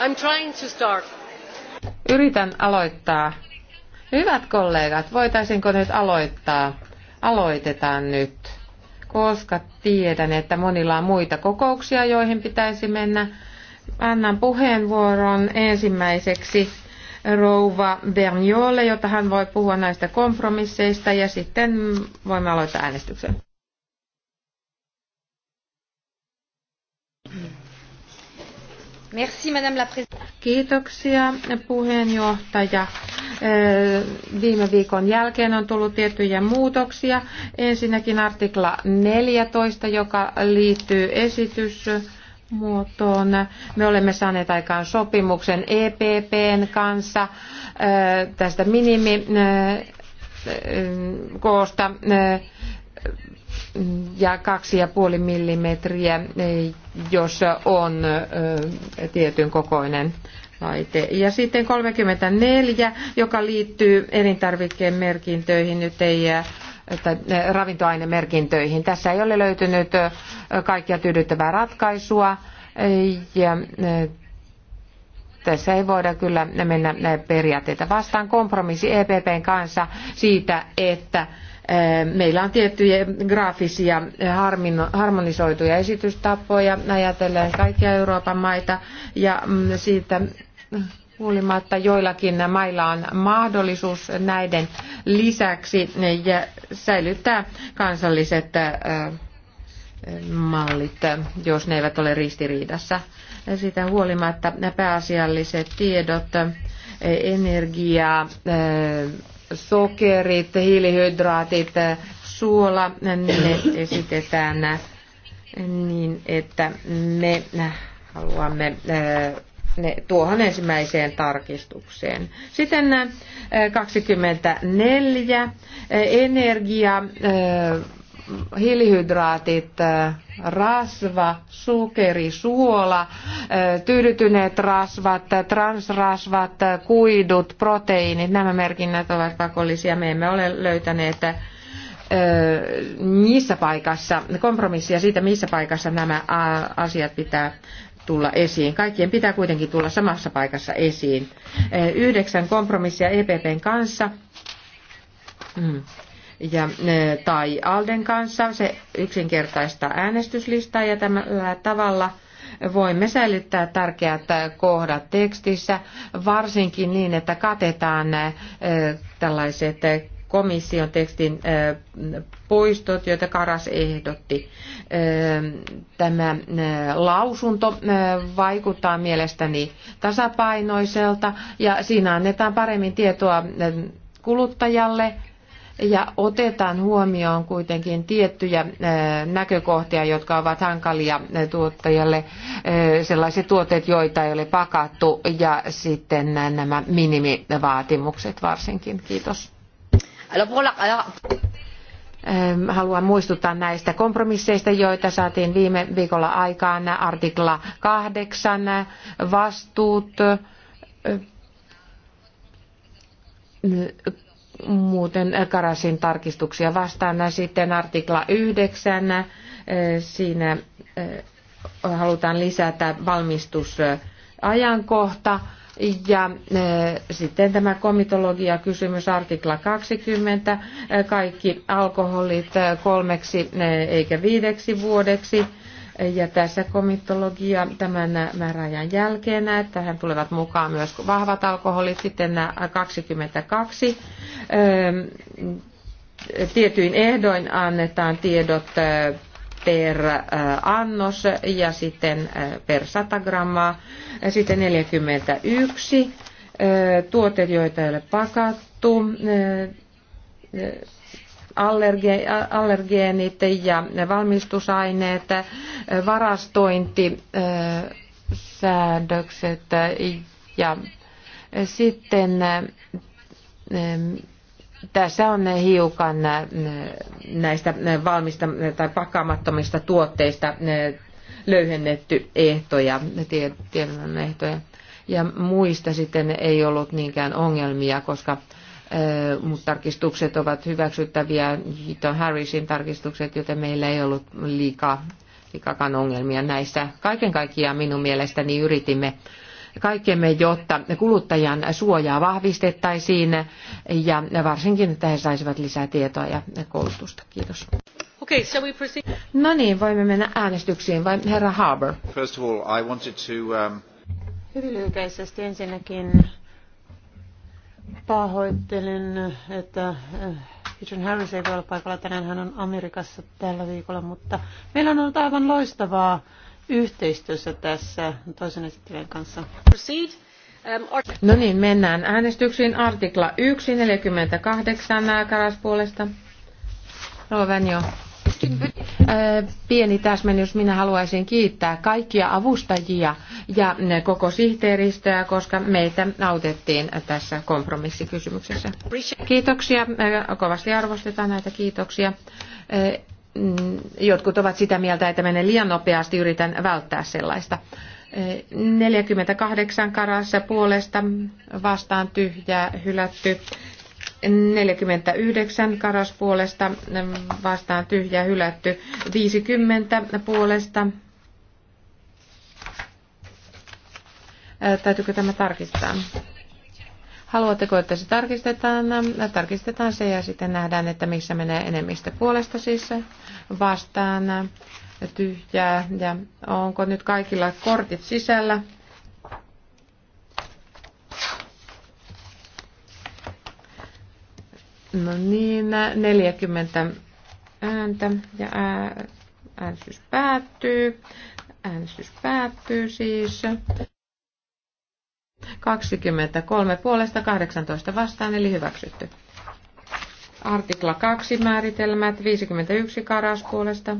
I'm trying to start. Yritän aloittaa. Hyvät kollegat, voitaisinko nyt aloittaa? Aloitetaan nyt, koska tiedän, että monilla on muita kokouksia, joihin pitäisi mennä. Annan puheenvuoron ensimmäiseksi rouva Berniolle, jota hän voi puhua näistä kompromisseista ja sitten voimme aloittaa äänestyksen. Merci, Madame la Kiitoksia puheenjohtaja. Viime viikon jälkeen on tullut tiettyjä muutoksia. Ensinnäkin artikla 14, joka liittyy esitys muotoon. Me olemme saaneet aikaan sopimuksen EPPn kanssa tästä minimikoosta ja kaksi 2,5 millimetriä, e, jos on e, tietyn kokoinen laite. Ja sitten 34, joka liittyy elintarvikkeen merkintöihin, nyt ei että e, ravintoainemerkintöihin. Tässä ei ole löytynyt kaikkia tyydyttävää ratkaisua ja tässä ei voida kyllä mennä periaatteita vastaan kompromissi EPPn kanssa siitä, että Meillä on tiettyjä graafisia harmonisoituja esitystapoja ajatellen kaikkia Euroopan maita ja mm, siitä huolimatta joillakin mailla on mahdollisuus näiden lisäksi ja säilyttää kansalliset mallit, jos ne eivät ole ristiriidassa. siitä huolimatta pääasialliset tiedot energiaa sokerit, hiilihydraatit, suola, ne esitetään niin, että me haluamme eh, ne tuohon ensimmäiseen tarkistukseen. Sitten 24 eh, eh, energia hiilihydraatit, rasva, sukeri, suola, tyydytyneet rasvat, transrasvat, kuidut, proteiinit, nämä merkinnät ovat pakollisia. Me emme ole löytäneet missä paikassa, kompromissia siitä, missä paikassa nämä asiat pitää tulla esiin. Kaikkien pitää kuitenkin tulla samassa paikassa esiin. Yhdeksän kompromissia EPPn kanssa. Mm ja, e, tai Alden kanssa. Se yksinkertaistaa äänestyslistaa ja tällä tavalla voimme säilyttää tärkeät kohdat tekstissä, varsinkin niin, että katetaan e, tällaiset komission tekstin e, poistot, joita Karas ehdotti. Tämä lausunto vaikuttaa mielestäni tasapainoiselta ja siinä annetaan paremmin tietoa kuluttajalle ja otetaan huomioon kuitenkin tiettyjä näkökohtia, jotka ovat hankalia tuottajalle, sellaiset tuotteet, joita ei ole pakattu ja sitten nämä minimivaatimukset varsinkin. Kiitos. Haluan muistuttaa näistä kompromisseista, joita saatiin viime viikolla aikaan. Artikla 8, vastuut, muuten Karasin tarkistuksia vastaan. Sitten artikla 9, eh, siinä eh, halutaan lisätä valmistusajankohta. Ja eh, sitten tämä komitologia kysymys artikla 20, kaikki alkoholit kolmeksi eikä viideksi vuodeksi ja tässä komitologia tämän määräajan jälkeen, hän tulevat mukaan myös vahvat alkoholit, sitten 22 tietyin ehdoin annetaan tiedot per annos ja sitten per 100 grammaa. Sitten 41 tuote, joita ei ole pakattu allerge, allergeenit ja valmistusaineet, varastointi, ja sitten tässä on hiukan näistä valmista tai pakkaamattomista tuotteista löyhennetty ehtoja, tiedon ehtoja. Ja muista sitten ei ollut niinkään ongelmia, koska mutta tarkistukset ovat hyväksyttäviä, Hiton Harrisin tarkistukset, joten meillä ei ollut liikaa, liikakaan ongelmia näissä. Kaiken kaikkiaan minun mielestäni yritimme kaikkemme, jotta kuluttajan suojaa vahvistettaisiin ja varsinkin, että he saisivat lisää tietoa ja koulutusta. Kiitos. Okay, shall we proceed? No niin, voimme mennä äänestyksiin. Vai herra Harbour? First of all, I wanted to, um... Hyvin lyhykäisesti ensinnäkin Pahoittelen, että John eh, Harris ei voi olla paikalla tänään, hän on Amerikassa tällä viikolla, mutta meillä on ollut aivan loistavaa yhteistyössä tässä toisen esittelijän kanssa. Proceed. Um, no niin, mennään äänestyksiin. Artikla 1, 48, Karas puolesta. Pieni täsmennys. Minä haluaisin kiittää kaikkia avustajia ja koko sihteeristöä, koska meitä autettiin tässä kompromissikysymyksessä. Kiitoksia. Kovasti arvostetaan näitä kiitoksia. Mm, jotkut ovat sitä mieltä, että menen liian nopeasti. Yritän välttää sellaista. 48 karassa puolesta vastaan tyhjää hylätty. 49 karas puolesta vastaan tyhjä hylätty. 50 puolesta. Täytyykö tämä tarkistaa? Haluatteko, että se tarkistetaan? Tarkistetaan se ja sitten nähdään, että missä menee enemmistö puolesta siis vastaan tyhjää. Ja onko nyt kaikilla kortit sisällä? No niin, nämä 40 ääntä ja äänestys päättyy. Äänestys päättyy siis. 23 puolesta 18 vastaan, eli hyväksytty. Artikla 2 määritelmät 51 karas puolesta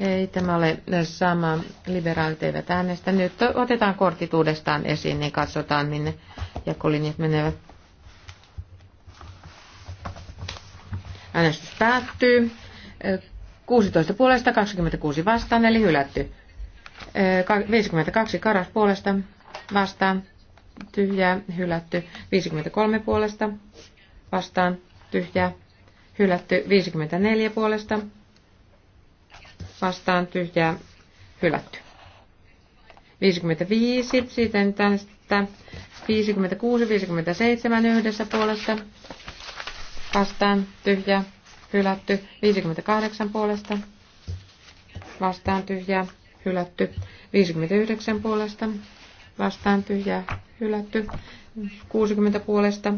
Ei tämä ole sama. Liberaalit eivät äänestä. Nyt otetaan kortit uudestaan esiin, niin katsotaan minne jakolinjat menevät. Äänestys päättyy. 16 puolesta, 26 vastaan, eli hylätty. 52 karas puolesta vastaan, tyhjää, hylätty. 53 puolesta vastaan, tyhjää, hylätty. 54 puolesta vastaan tyhjää hylätty. 55, sitten tästä 56, 57 yhdessä puolesta vastaan tyhjää hylätty. 58 puolesta vastaan tyhjää hylätty. 59 puolesta vastaan tyhjää hylätty. 60 puolesta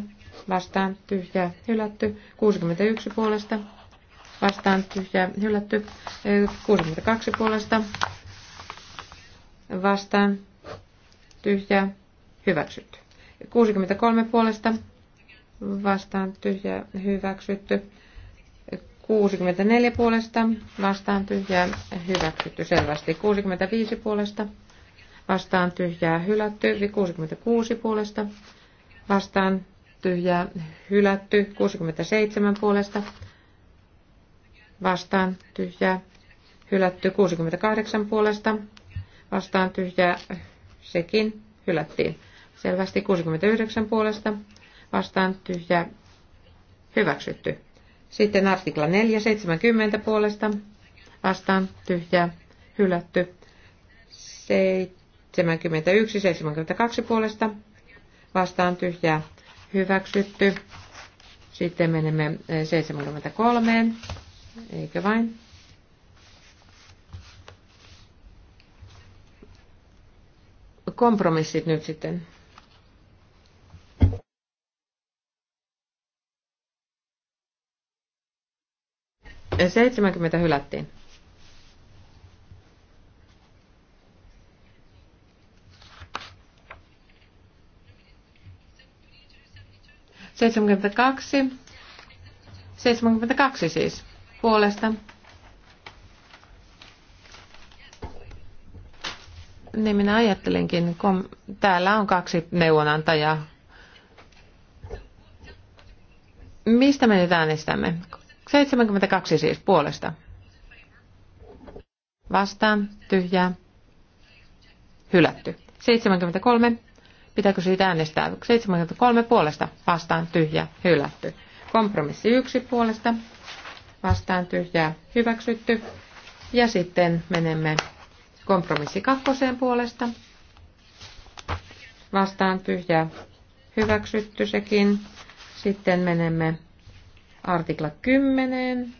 vastaan tyhjää hylätty. 61 puolesta vastaan tyhjä hylätty. 62 puolesta vastaan tyhjä hyväksytty. 63 puolesta vastaan tyhjä hyväksytty. 64 puolesta vastaan tyhjää hyväksytty selvästi. 65 puolesta vastaan tyhjää hylätty. 66 puolesta vastaan tyhjää hylätty. 67 puolesta vastaan tyhjää hylätty 68 puolesta, vastaan tyhjää sekin hylättiin selvästi 69 puolesta, vastaan tyhjää hyväksytty. Sitten artikla 4, 70 puolesta, vastaan tyhjää hylätty 71, 72 puolesta, vastaan tyhjää hyväksytty. Sitten menemme 73 Eikö vain? Kompromissit nyt sitten. Ja 70 hylättiin. Seitsemänkymmentä kaksi siis puolesta. Niin minä ajattelinkin, kun täällä on kaksi neuvonantajaa. Mistä me nyt äänestämme? 72 siis puolesta. Vastaan, tyhjää, hylätty. 73, pitääkö siitä äänestää? 73 puolesta, vastaan, tyhjä, hylätty. Kompromissi 1 puolesta, vastaan tyhjää hyväksytty. Ja sitten menemme kompromissi kakkoseen puolesta. Vastaan tyhjää hyväksytty sekin. Sitten menemme artikla 10.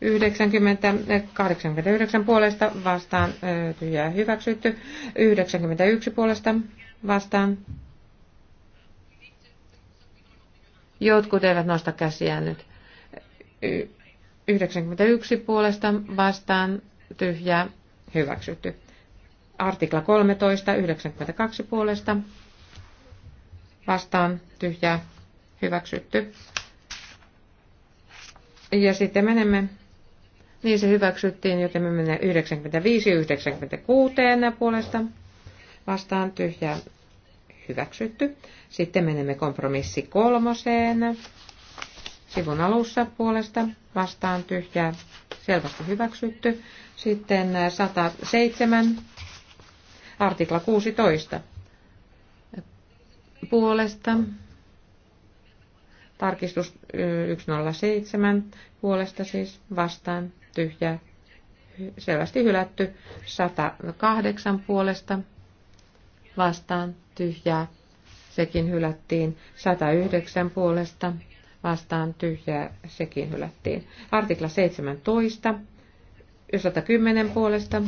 90, 89 puolesta vastaan eh, tyhjää hyväksytty. 91 puolesta vastaan Jotkut eivät nosta käsiään nyt. 91 puolesta vastaan tyhjää hyväksytty. Artikla 13, 92 puolesta vastaan tyhjää hyväksytty. Ja sitten menemme, niin se hyväksyttiin, joten me menemme 95-96 puolesta vastaan tyhjää hyväksytty. Sitten menemme kompromissi kolmoseen. Sivun alussa puolesta vastaan tyhjää selvästi hyväksytty. Sitten 107, artikla 16 puolesta. Tarkistus 107 puolesta siis vastaan tyhjää selvästi hylätty. 108 puolesta vastaan tyhjää. Sekin hylättiin 109 puolesta vastaan tyhjää. Sekin hylättiin. Artikla 17 110 puolesta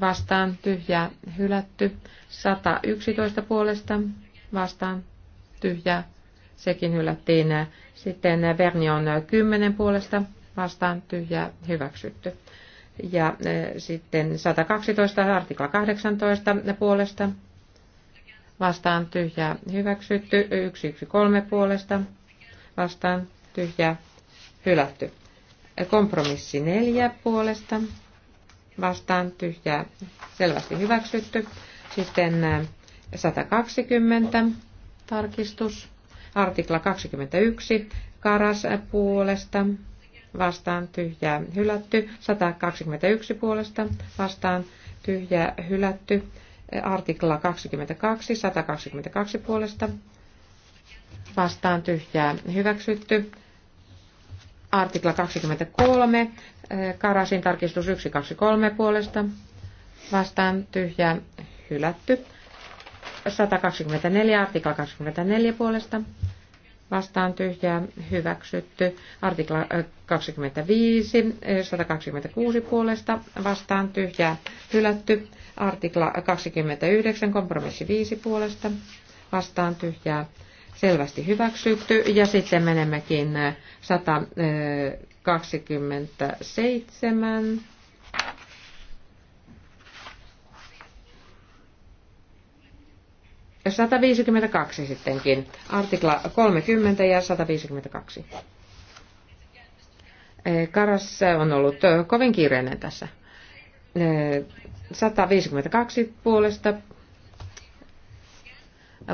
vastaan tyhjää hylätty. 111 puolesta vastaan tyhjää. Sekin hylättiin. Sitten Vernion 10 puolesta vastaan tyhjää hyväksytty. Ja sitten 112 artikla 18 puolesta vastaan tyhjä hyväksytty, 113 puolesta vastaan tyhjä hylätty. Kompromissi 4 puolesta vastaan tyhjä selvästi hyväksytty. Sitten 120 tarkistus, artikla 21 Karas puolesta vastaan tyhjää hylätty, 121 puolesta vastaan tyhjää hylätty, artikla 22, 122 puolesta vastaan tyhjää hyväksytty, artikla 23, Karasin tarkistus 123 puolesta vastaan tyhjää hylätty, 124, artikla 24 puolesta vastaan tyhjää hyväksytty. Artikla 25, 126 puolesta vastaan tyhjää hylätty. Artikla 29, kompromissi 5 puolesta vastaan tyhjää selvästi hyväksytty. Ja sitten menemmekin 127 152 sittenkin. Artikla 30 ja 152. Eh, Karas on ollut eh, kovin kiireinen tässä. 152 eh, puolesta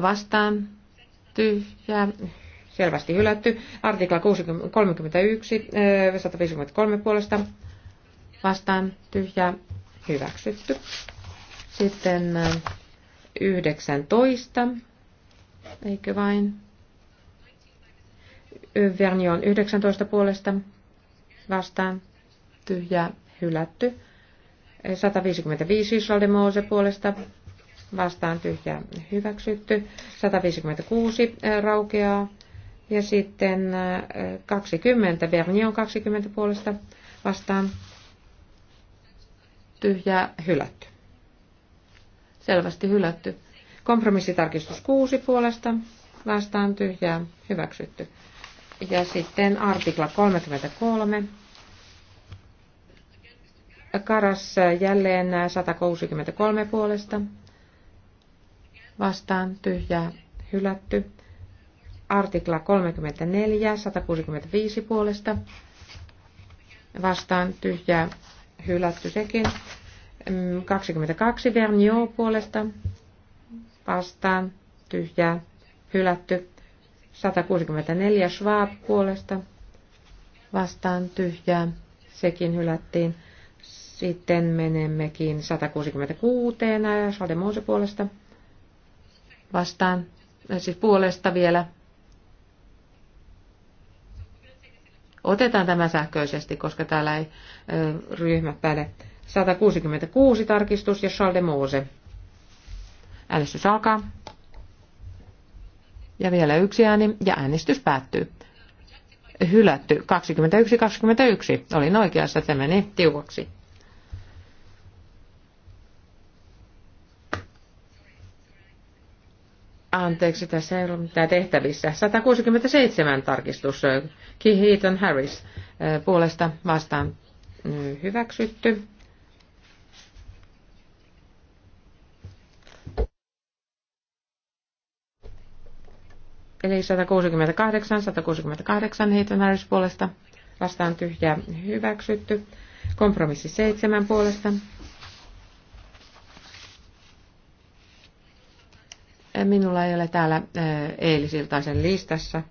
vastaan tyhjä, selvästi hylätty. Artikla 31, 153 puolesta vastaan tyhjä, hyväksytty. Sitten 19, eikö vain? Verni on 19 puolesta vastaan tyhjä, hylätty. 155 Isolde Moose puolesta vastaan tyhjä, hyväksytty. 156 eh, raukeaa. Ja sitten 20, eh, Verni on 20 puolesta vastaan tyhjä, hylätty. Selvästi hylätty. Kompromissitarkistus 6 puolesta vastaan tyhjää hyväksytty. Ja sitten artikla 33. Karas jälleen 163 puolesta vastaan tyhjää hylätty. Artikla 34, 165 puolesta vastaan tyhjää hylätty sekin. 22 Vernio puolesta vastaan tyhjää hylätty. 164 Schwab puolesta vastaan tyhjää sekin hylättiin. Sitten menemmekin 166 Sademose puolesta vastaan, siis puolesta vielä. Otetaan tämä sähköisesti, koska täällä ei ryhmä päde. 166 tarkistus ja Charles de Mose. Äänestys alkaa. Ja vielä yksi ääni ja äänestys päättyy. Hylätty 21-21. Olin oikeassa, tämä meni tiukaksi. Anteeksi, tässä ei ole mitään tehtävissä. 167 tarkistus. Kehiton Harris eh, puolesta vastaan mm, hyväksytty. Eli 168, 168 Heaton Harris puolesta vastaan tyhjää hyväksytty. Kompromissi 7 puolesta. Minulla ei ole täällä eilisiltaisen listassa.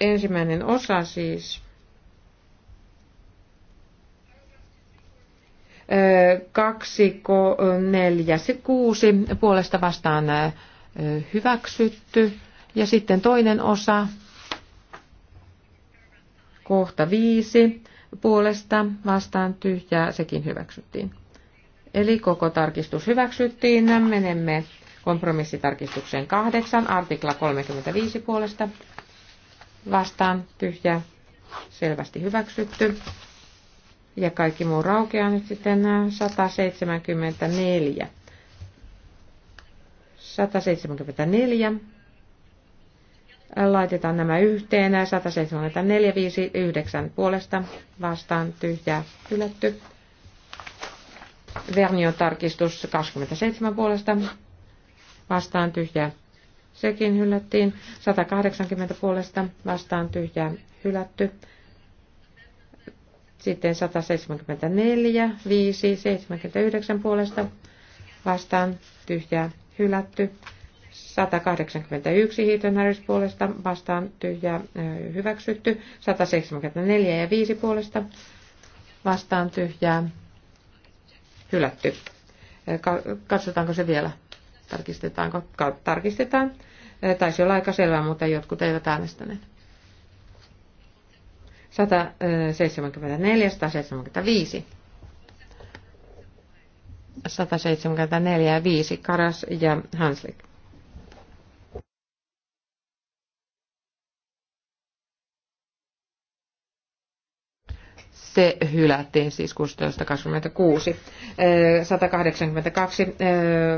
Ensimmäinen osa siis. Kaksi, neljä, kuusi puolesta vastaan hyväksytty. Ja sitten toinen osa, kohta viisi, puolesta vastaan tyhjää, sekin hyväksyttiin. Eli koko tarkistus hyväksyttiin. Menemme kompromissitarkistukseen kahdeksan, artikla 35 puolesta vastaan tyhjää, selvästi hyväksytty. Ja kaikki muu raukeaa nyt sitten 174 174. Laitetaan nämä yhteen. 174, 5, 9 puolesta vastaan tyhjää hylätty. Vernion tarkistus 27 puolesta vastaan tyhjää. Sekin hylättiin. 180 puolesta vastaan tyhjää hylätty. Sitten 174, 5, 79 puolesta vastaan tyhjää hylätty. 181 Heaton Harris puolesta vastaan tyhjää hyväksytty. 174 ja 5 puolesta vastaan tyhjää hylätty. Katsotaanko se vielä? Tarkistetaanko? Tarkistetaan. Taisi olla aika selvää, mutta jotkut eivät äänestäneet. 174, 175. 174 ja 5, Karas ja Hanslik. Se hylättiin siis 16.26. 182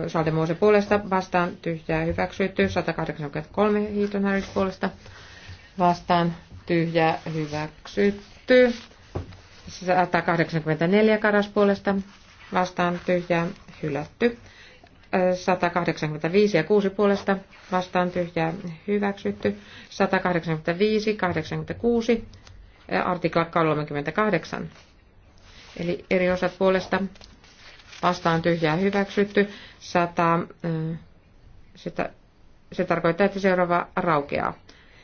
Saldemose puolesta vastaan tyhjää hyväksytty. 183 Hiitonharjus puolesta vastaan tyhjää hyväksytty. 184 Karas puolesta vastaan tyhjää hylätty. 185 ja 6 puolesta vastaan tyhjää hyväksytty. 185, 86, artikla 38. Eli eri osat puolesta vastaan tyhjää hyväksytty. 100, sitä, se tarkoittaa, että seuraava raukeaa.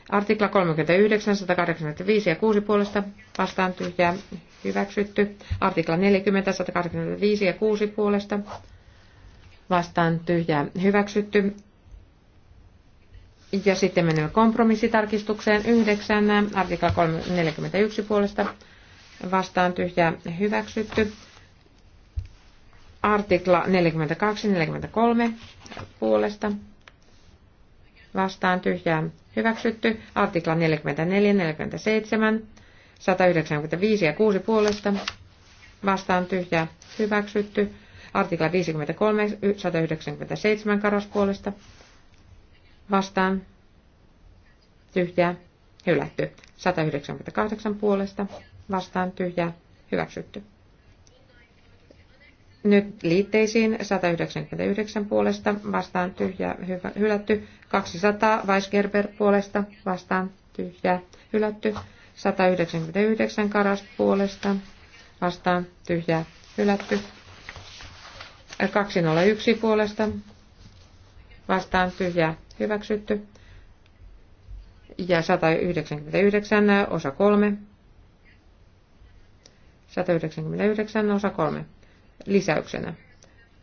Artikla 39, 185 ja 6 puolesta vastaan tyhjää hyväksytty. Artikla 40, 185 ja 6 puolesta vastaan tyhjää hyväksytty. Ja sitten menemme kompromissitarkistukseen 9, artikla 41 puolesta vastaan tyhjää hyväksytty. Artikla 42, 43 puolesta vastaan tyhjää hyväksytty. Artikla 44, 47, 195 ja 6 puolesta vastaan tyhjää hyväksytty. Artikla 53, 197 karas puolesta vastaan tyhjää hylätty. 198 puolesta vastaan tyhjää hyväksytty. Nyt liitteisiin 199 puolesta vastaan tyhjä hyvä, hylätty, 200 Weisgerber puolesta vastaan tyhjä hylätty, 199 Karas puolesta vastaan tyhjä hylätty, 201 puolesta vastaan tyhjä hyväksytty ja 199 osa 3. 199 osa 3 lisäyksenä.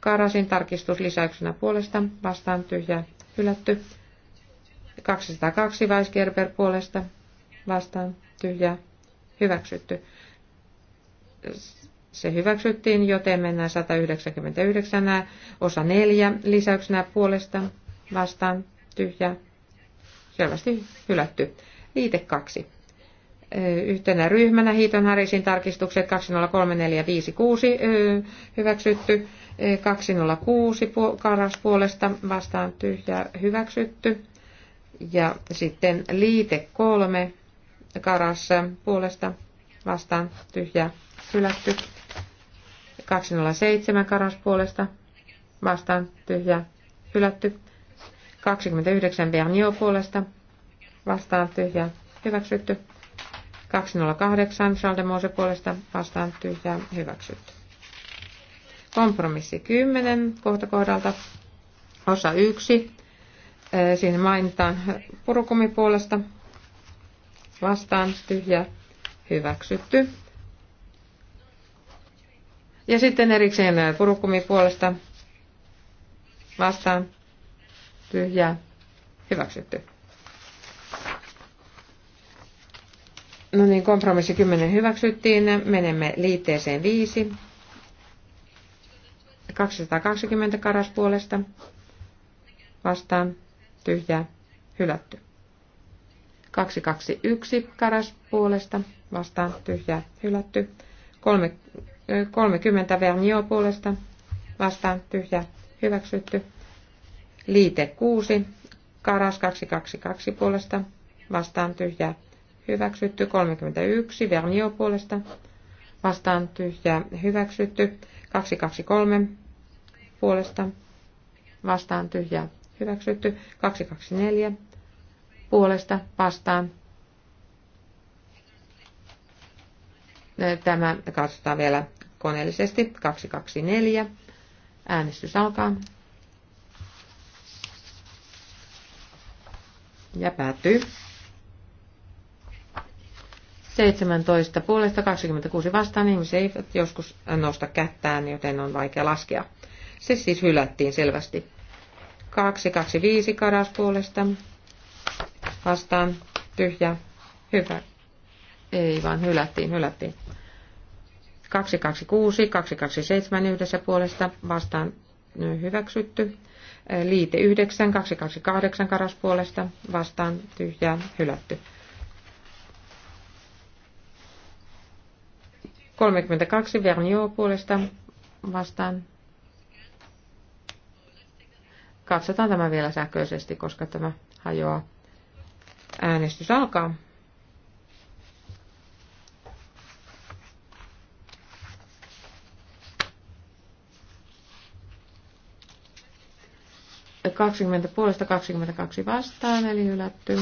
Karasin tarkistus lisäyksenä puolesta vastaan tyhjä hylätty. 202 Weisgerber puolesta vastaan tyhjä hyväksytty. Se hyväksyttiin, joten mennään 199 osa 4 lisäyksenä puolesta vastaan tyhjä selvästi hylätty. Liite 2 yhtenä ryhmänä Hiiton Harisin tarkistukset 203456 hyväksytty, 206 karas puolesta vastaan tyhjä hyväksytty ja sitten liite 3 karas puolesta vastaan tyhjä hylätty, 207 karas puolesta vastaan tyhjä hylätty, 29 Vernio puolesta vastaan tyhjä hyväksytty, 208 Schaldemose puolesta vastaan tyhjää hyväksytty. Kompromissi 10 kohta kohdalta osa 1. Siinä mainitaan purukumi puolesta vastaan tyhjä hyväksytty. Ja sitten erikseen purukumi puolesta vastaan tyhjä hyväksytty. No niin, kompromissi 10 hyväksyttiin. Menemme liitteeseen 5. 220 karas puolesta. Vastaan. Tyhjää. Hylätty. 221 karas puolesta. Vastaan. Tyhjää. Hylätty. 30 Vernio puolesta. Vastaan. Tyhjää. Hyväksytty. Liite 6. Karas 222 puolesta. Vastaan. Tyhjää hyväksytty. 31 Vernio puolesta vastaan tyhjää hyväksytty. 223 puolesta vastaan tyhjää hyväksytty. 224 puolesta vastaan Tämä katsotaan vielä koneellisesti. 224. Äänestys alkaa. Ja päättyy. 17 puolesta 26 vastaan ihmiset eivät joskus nosta kättään, joten on vaikea laskea. Se siis hylättiin selvästi. 225 karas puolesta vastaan tyhjä, hyvä. Ei vaan hylättiin, hylättiin. 226, 227 yhdessä puolesta vastaan hyväksytty. Liite 9, 228 karas puolesta vastaan tyhjä, hylätty. 32 Vernio puolesta vastaan. Katsotaan tämä vielä sähköisesti, koska tämä hajoaa. Äänestys alkaa. Kaksikymmentä puolesta 22 vastaan, eli hylätty.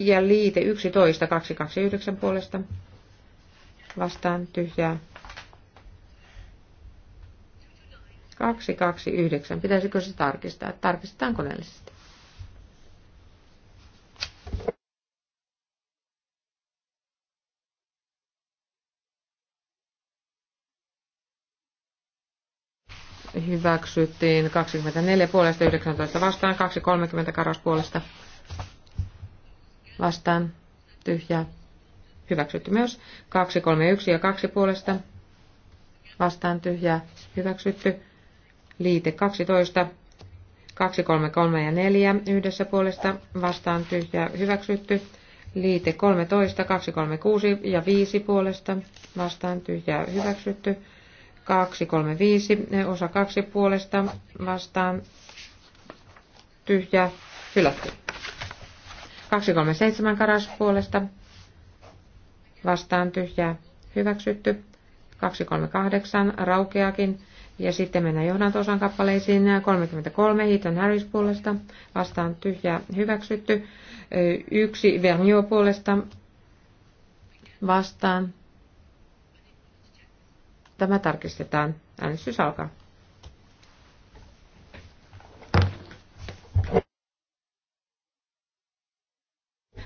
Ja liite 11, 229 puolesta vastaan tyhjää. 229. Pitäisikö se tarkistaa? Tarkistetaan koneellisesti. Hyväksyttiin 24 puolesta 19 vastaan, 230 karas puolesta vastaan tyhjää hyväksytty myös. 2, 3, 1 ja 2 puolesta vastaan tyhjää hyväksytty. Liite 12, 2, 3, 3 ja 4 yhdessä puolesta vastaan tyhjää hyväksytty. Liite 13, 2, 3, 6 ja 5 puolesta vastaan tyhjää hyväksytty. 2, 3, 5 osa 2 puolesta vastaan tyhjää hylätty. 237 karas puolesta vastaan tyhjää hyväksytty. 238 raukeakin. Ja sitten mennään johdantosan kappaleisiin 33 Heaton Harris puolesta vastaan tyhjää hyväksytty. Yksi Vernio puolesta vastaan. Tämä tarkistetaan. Äänestys alkaa.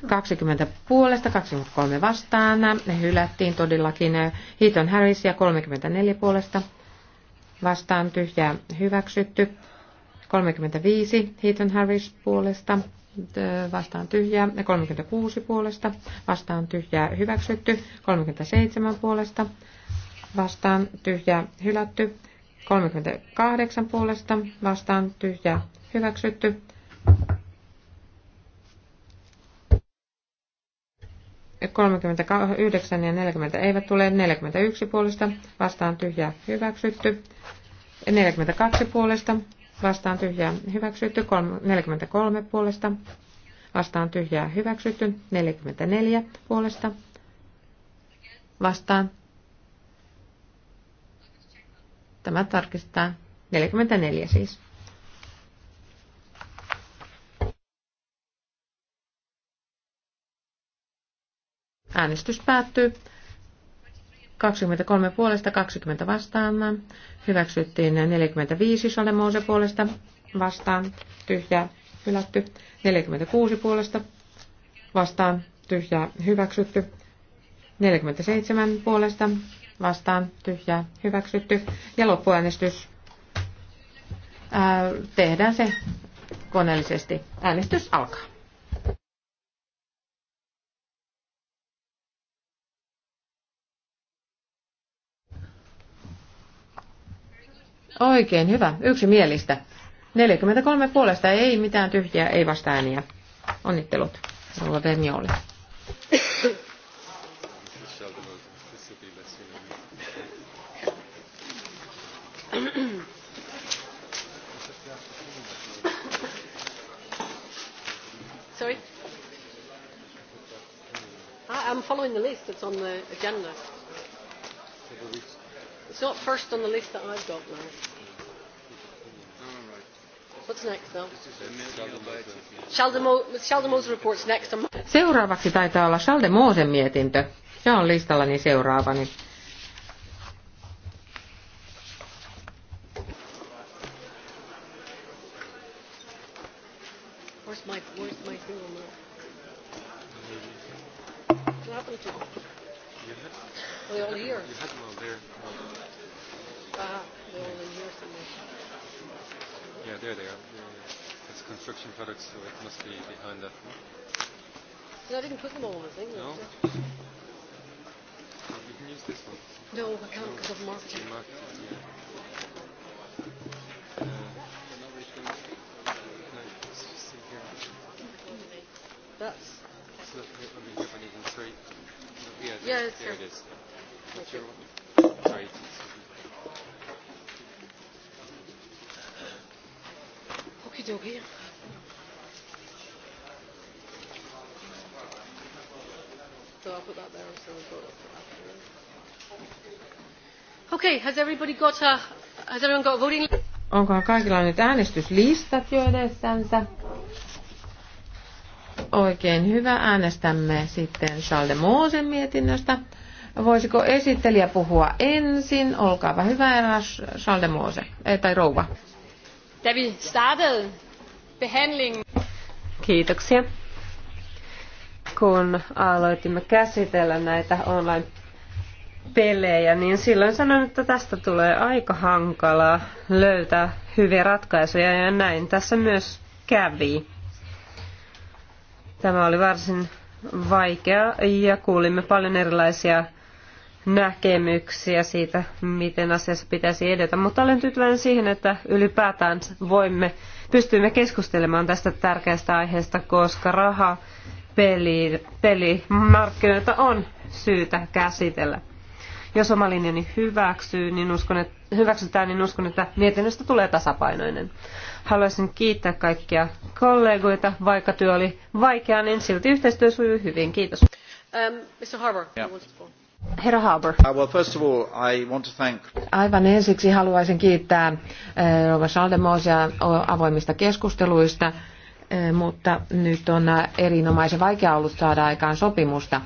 20 puolesta, 23 vastaan. Ne hylättiin todellakin Hiton Harrisia 34 puolesta vastaan tyhjää hyväksytty. 35 Heaton Harris puolesta vastaan tyhjää, 36 puolesta vastaan tyhjää hyväksytty, 37 puolesta vastaan tyhjää hylätty, 38 puolesta vastaan tyhjää hyväksytty, 39 ja 40 eivät tule. 41 puolesta vastaan tyhjä hyväksytty. 42 puolesta vastaan tyhjä hyväksytty. 43 puolesta vastaan tyhjä hyväksytty. 44 puolesta vastaan. Tämä tarkistetaan. 44 siis. Äänestys päättyy. 23 puolesta 20 vastaan. Hyväksyttiin 45 Salemose puolesta vastaan. tyhjä hylätty. 46 puolesta vastaan. tyhjä hyväksytty. 47 puolesta vastaan. tyhjä hyväksytty. Ja loppuäänestys ää, tehdään se koneellisesti. Äänestys alkaa. Oikein hyvä, Yksi mielistä. 43 puolesta ei mitään tyhjiä, ei ääniä. Onnittelut, Rolla Vernioli. Sorry. Ah, I'm following the list that's on the agenda. It's not first on the list that I've got now. What's next, though? Seuraavaksi taitaa olla Schaldemose mietintö. Se on listallani seuraavani. so it must be behind that one. No, I didn't put them all, the thing. No. Well, You can use this one. No, I can't because no, I've marked it. Marked it, yeah. here. Uh, that's. It's not, No, yeah, there, yeah, there it is. What's your one? Sorry. Okie dokie. So I'll put that there so we'll vote after. Okay, has everybody got a, has everyone got a voting list? Onko kaikilla nyt äänestyslistat jo edessänsä? Oikein hyvä. Äänestämme sitten Salde Moosen mietinnöstä. Voisiko esittelijä puhua ensin? Olkaapa hyvä, Salde Moose, eh, tai rouva. Da vi startede behandlingen. Kiitoksia kun aloitimme käsitellä näitä online-pelejä, niin silloin sanoin, että tästä tulee aika hankalaa löytää hyviä ratkaisuja ja näin tässä myös kävi. Tämä oli varsin vaikea ja kuulimme paljon erilaisia näkemyksiä siitä, miten asiassa pitäisi edetä. Mutta olen tyytyväinen siihen, että ylipäätään voimme, pystymme keskustelemaan tästä tärkeästä aiheesta, koska raha peli, pelimarkkinoita on syytä käsitellä. Jos oma linjani hyväksyy, niin uskon, että, hyväksytään, niin uskon, että mietinnöstä tulee tasapainoinen. Haluaisin kiittää kaikkia kollegoita, vaikka työ oli vaikeaa, niin silti yhteistyö sujuu hyvin. Kiitos. Um, Mr. Harbour, yeah. Herra Haber. Uh, well, first of all, I want to thank... Aivan ensiksi haluaisin kiittää uh, Rova Saldemosia avoimista keskusteluista mutta nyt on erinomaisen vaikea ollut saada aikaan sopimusta.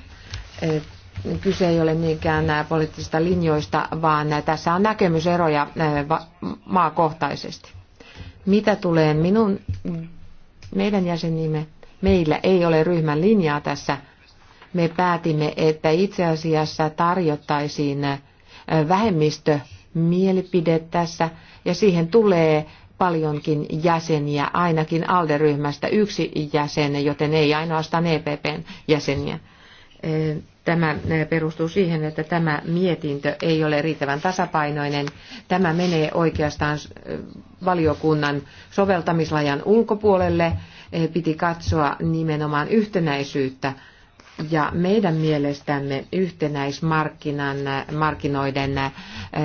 Kyse ei ole niinkään poliittisista linjoista, vaan tässä on näkemyseroja maakohtaisesti. Mitä tulee minun, meidän jäsenimme, meillä ei ole ryhmän linjaa tässä. Me päätimme, että itse asiassa tarjottaisiin vähemmistö mielipide tässä ja siihen tulee paljonkin jäseniä, ainakin ALDE-ryhmästä yksi jäsen, joten ei ainoastaan EPPn jäseniä. E, tämä e, perustuu siihen, että tämä mietintö ei ole riittävän tasapainoinen. Tämä menee oikeastaan e, valiokunnan soveltamislajan ulkopuolelle. Piti katsoa nimenomaan yhtenäisyyttä ja meidän mielestämme yhtenäismarkkinoiden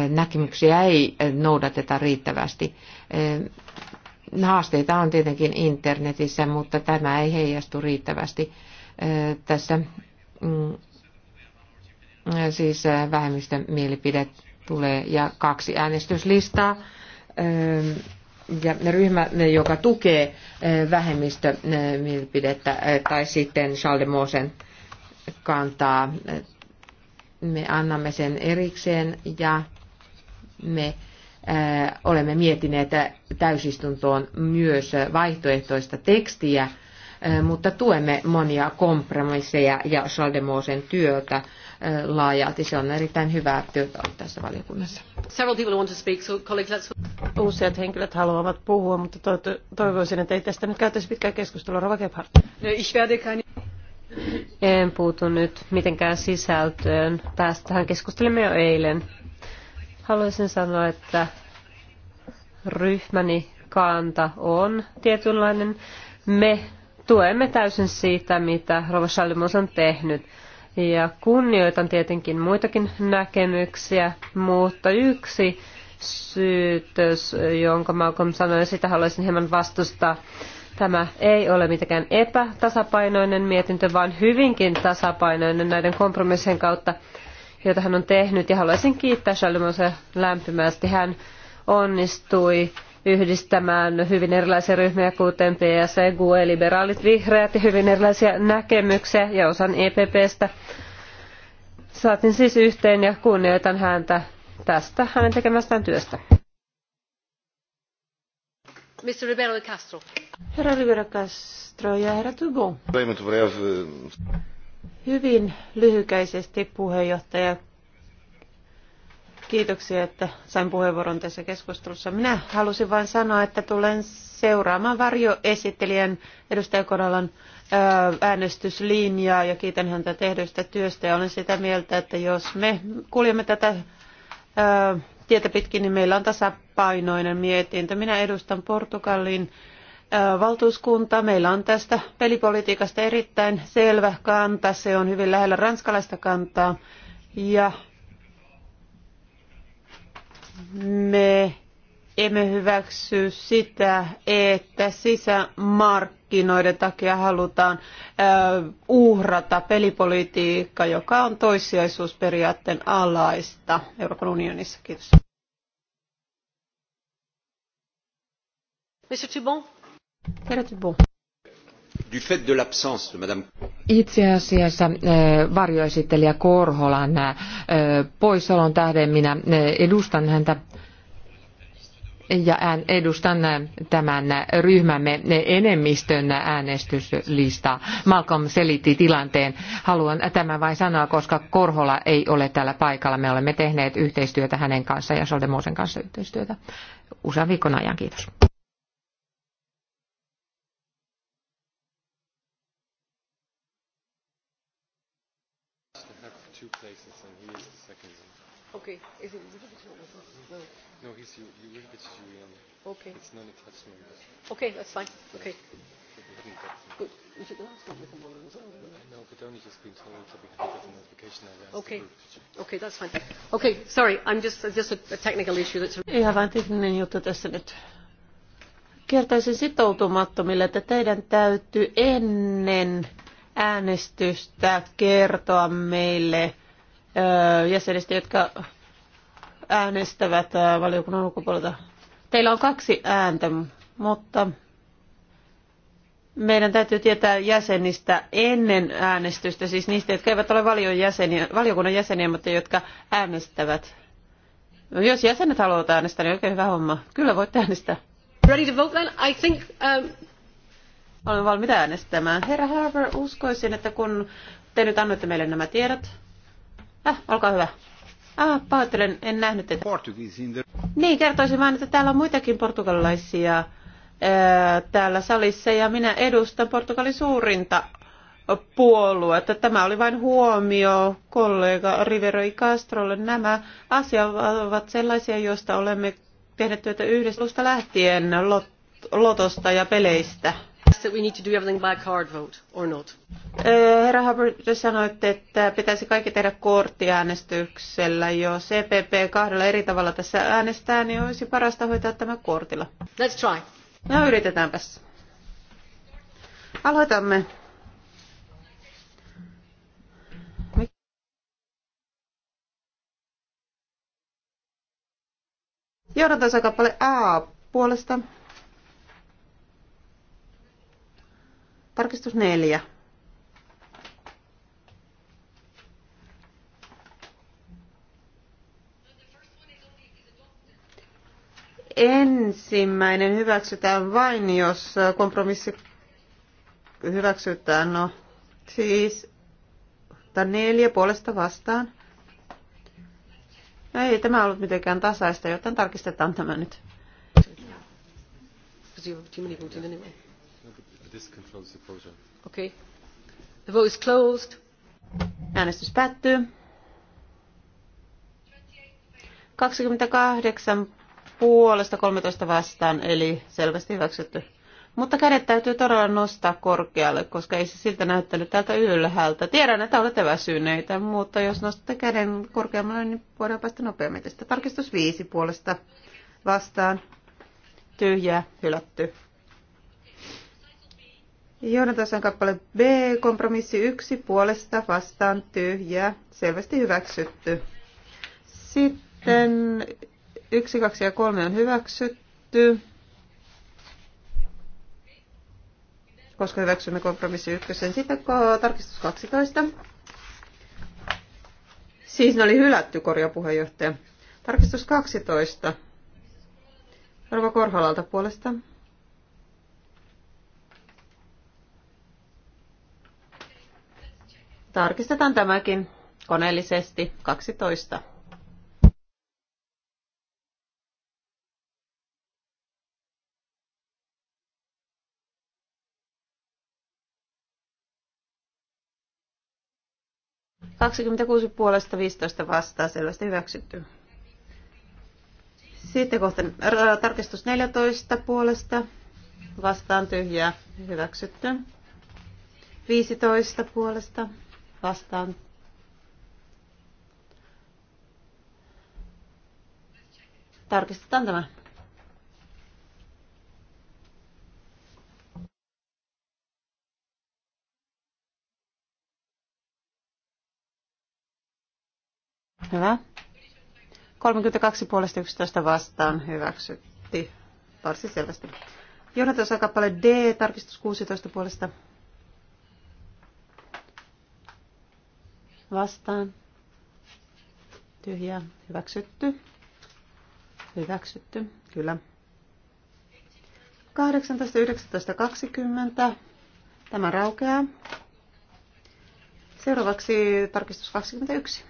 näkemyksiä ei noudateta riittävästi. Haasteita on tietenkin internetissä, mutta tämä ei heijastu riittävästi tässä mm, siis vähemmistön mielipide tulee ja kaksi äänestyslistaa ja ryhmä, joka tukee vähemmistömielipidettä tai sitten Schaldemosen kantaa. Me annamme sen erikseen ja me olemme mietineet täysistuntoon myös vaihtoehtoista tekstiä, mutta tuemme monia kompromisseja ja Schaldemosen työtä laajalti. Se on erittäin hyvää työtä ollut tässä valiokunnassa. Useat henkilöt haluavat puhua, mutta toivoisin, että ei tästä nyt käytäisi pitkää keskustelua. Rova Gebhardt. No, en puutu nyt mitenkään sisältöön. Tästähän keskustelimme jo eilen. Haluaisin sanoa, että ryhmäni kanta on tietynlainen. Me tuemme täysin siitä, mitä Rova Shalimus on tehnyt. Ja kunnioitan tietenkin muitakin näkemyksiä, mutta yksi syytös, jonka Malcolm sanoi, ja sitä haluaisin hieman vastustaa. Tämä ei ole mitenkään epätasapainoinen mietintö, vaan hyvinkin tasapainoinen näiden kompromissien kautta joita hän on tehnyt. Ja haluaisin kiittää Shalimose lämpimästi. Hän onnistui yhdistämään hyvin erilaisia ryhmiä, kuten PS, GUE, e, liberaalit, vihreät ja hyvin erilaisia näkemyksiä ja osan EPPstä. Saatin siis yhteen ja kunnioitan häntä tästä hänen tekemästään työstä. Mr. Ribeiro Castro. Herra Ribeiro Castro ja herra Tubon. Hyvin lyhykäisesti puheenjohtaja. Kiitoksia, että sain puheenvuoron tässä keskustelussa. Minä halusin vain sanoa, että tulen seuraamaan varjoesittelijän edustaja Koralan äänestyslinjaa ja kiitän häntä tehdystä työstä ja olen sitä mieltä, että jos me kuljemme tätä tietä pitkin, niin meillä on tasapainoinen mietintö. Minä edustan Portugalin valtuuskunta. Meillä on tästä pelipolitiikasta erittäin selvä kanta. Se on hyvin lähellä ranskalaista kantaa. Ja me emme hyväksy sitä, että sisämarkkinoiden takia halutaan uhrata pelipolitiikka, joka on toissijaisuusperiaatteen alaista Euroopan unionissa. Kiitos itse asiassa äh, varjoesittelijä Korholan äh, poissaolon tähden minä äh, edustan häntä ja edustan tämän ryhmämme enemmistön äänestyslistaa. Malcolm selitti tilanteen. Haluan tämän vain sanoa, koska Korhola ei ole täällä paikalla. Me olemme tehneet yhteistyötä hänen kanssaan ja Soldemosen kanssa yhteistyötä usean viikon ajan. Kiitos. Okay. It's not Okay, that's fine. Okay. Good. You should ask them if I'm as well. No, but only just been told that we haven't a notification Okay. Okay, that's fine. Okay, sorry, I'm just, just a, a technical issue that's... Ihan vain tekninen juttu tässä nyt. Kertaisin sitoutumattomille, että teidän täytyy ennen äänestystä kertoa meille jäsenistä, jotka äänestävät valiokunnan ulkopuolelta Teillä on kaksi ääntä, mutta meidän täytyy tietää jäsenistä ennen äänestystä, siis niistä, jotka eivät ole jäseniä, valiokunnan jäseniä, mutta jotka äänestävät. No, jos jäsenet haluavat äänestää, niin oikein hyvä homma. Kyllä voitte äänestää. Ready to vote then? I think... Um... Olen valmis äänestämään. Herra Harper, uskoisin, että kun te nyt annoitte meille nämä tiedot... Äh, olkaa hyvä. Ah, pahoittelen, en nähnyt tätä. Niin, kertoisin vain, että täällä on muitakin portugalilaisia ää, täällä salissa ja minä edustan Portugalin suurinta puoluetta. Tämä oli vain huomio kollega Rivero i Castrolle. Nämä asiat ovat sellaisia, joista olemme tehneet työtä yhdestä lähtien lot, lotosta ja peleistä that we need to do everything by card vote or not? Herra Hubbard, sanoitte, että pitäisi kaikki tehdä korttiäänestyksellä. Jos EPP kahdella eri tavalla tässä äänestää, niin olisi parasta hoitaa tämä kortilla. Let's try. No yritetäänpäs. Aloitamme. Johdatusakappale A puolesta Tarkistus neljä. Ensimmäinen hyväksytään vain, jos kompromissi hyväksytään. No, siis tai neljä puolesta vastaan. No ei tämä ollut mitenkään tasaista, joten tarkistetaan tämä nyt. Because This controls the closure. Okay. The vote is closed. Äänestys päättyy. 28 puolesta 13 vastaan, eli selvästi hyväksytty. Mutta kädet täytyy todella nostaa korkealle, koska ei se siltä näyttänyt täältä ylhäältä. Tiedän, että olette väsyneitä, mutta jos nostatte käden korkeammalle, niin voidaan päästä nopeammin tästä. Tarkistus 5 puolesta vastaan. Tyhjä, hylätty. Joonatason kappale B, kompromissi yksi puolesta vastaan tyhjää, selvästi hyväksytty. Sitten yksi kaksi ja kolme on hyväksytty. Koska hyväksymme kompromissi ykkösen sitten tarkistus 12. Siis ne oli hylätty, korjapuheenjohtaja. Tarkistus 12. Arvo Korhalalta puolesta. Tarkistetaan tämäkin koneellisesti 12. Kaksikymmentäkuusi puolesta 15 vastaa selvästi hyväksytty. Sitten kohta äh, tarkistus 14 puolesta vastaan tyhjää hyväksytty. 15 puolesta vastaan. Tarkistetaan tämä. Hyvä. 32 puolesta 11 vastaan hyväksytti varsin selvästi. Johdatusosa kappale D, tarkistus 16 puolesta vastaan. Tyhjä. Hyväksytty. Hyväksytty. Kyllä. 18.19.20. Tämä raukeaa. Seuraavaksi tarkistus 21.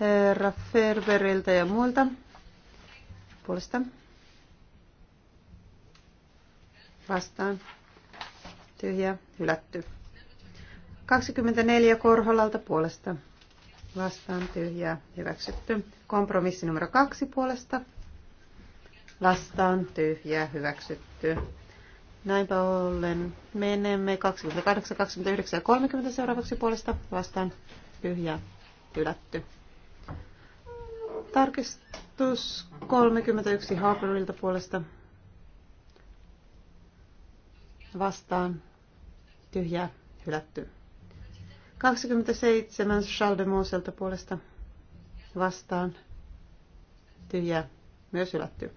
Herra Ferberiltä ja muilta puolesta. Vastaan. Tyhjä, hylätty. 24 Korholalta puolesta vastaan tyhjää hyväksytty. Kompromissi numero 2 puolesta vastaan tyhjää hyväksytty. Näinpä ollen menemme 28, 29 ja 30 seuraavaksi puolesta vastaan tyhjää hylätty. Tarkistus 31 Harperilta puolesta vastaan tyhjää hylätty. 27 Moselta puolesta vastaan. Tyhjää. Myös ylätty.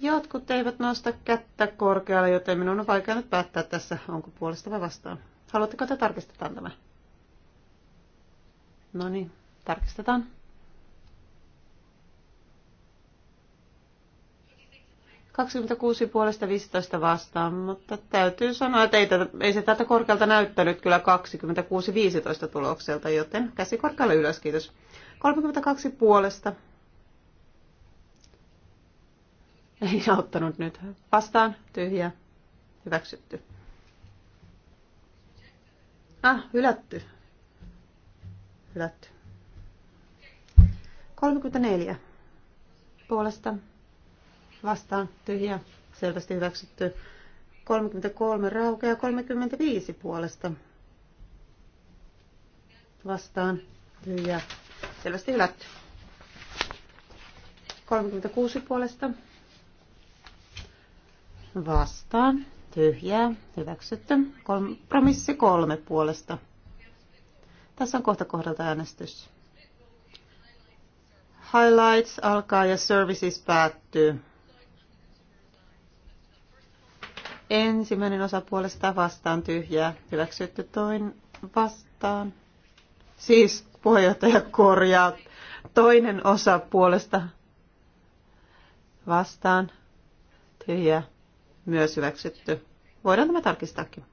Jotkut eivät nosta kättä korkealle, joten minun on vaikea nyt päättää tässä, onko puolesta vai vastaan. Haluatteko, että tarkistetaan tämä? No niin, tarkistetaan. 26 puolesta 15 vastaan, mutta täytyy sanoa, että ei, tätä, ei se tältä korkealta näyttänyt kyllä 26-15 tulokselta, joten käsi korkealle ylös, kiitos. 32 puolesta. Ei auttanut nyt. Vastaan, tyhjä, hyväksytty. Ah, hylätty. Hylätty. 34 puolesta vastaan tyhjä selvästi hyväksytty. 33 raukea 35 puolesta vastaan tyhjä selvästi hylätty. 36 puolesta vastaan tyhjää hyväksytty. Kompromissi kolme puolesta. Tässä on kohta kohdalta äänestys. Highlights alkaa ja services päättyy. Ensimmäinen osa puolesta vastaan tyhjää. Hyväksytty toinen vastaan. Siis puheenjohtaja korjaa. Toinen osa puolesta vastaan tyhjää. Myös hyväksytty. Voidaan tämä tarkistaakin.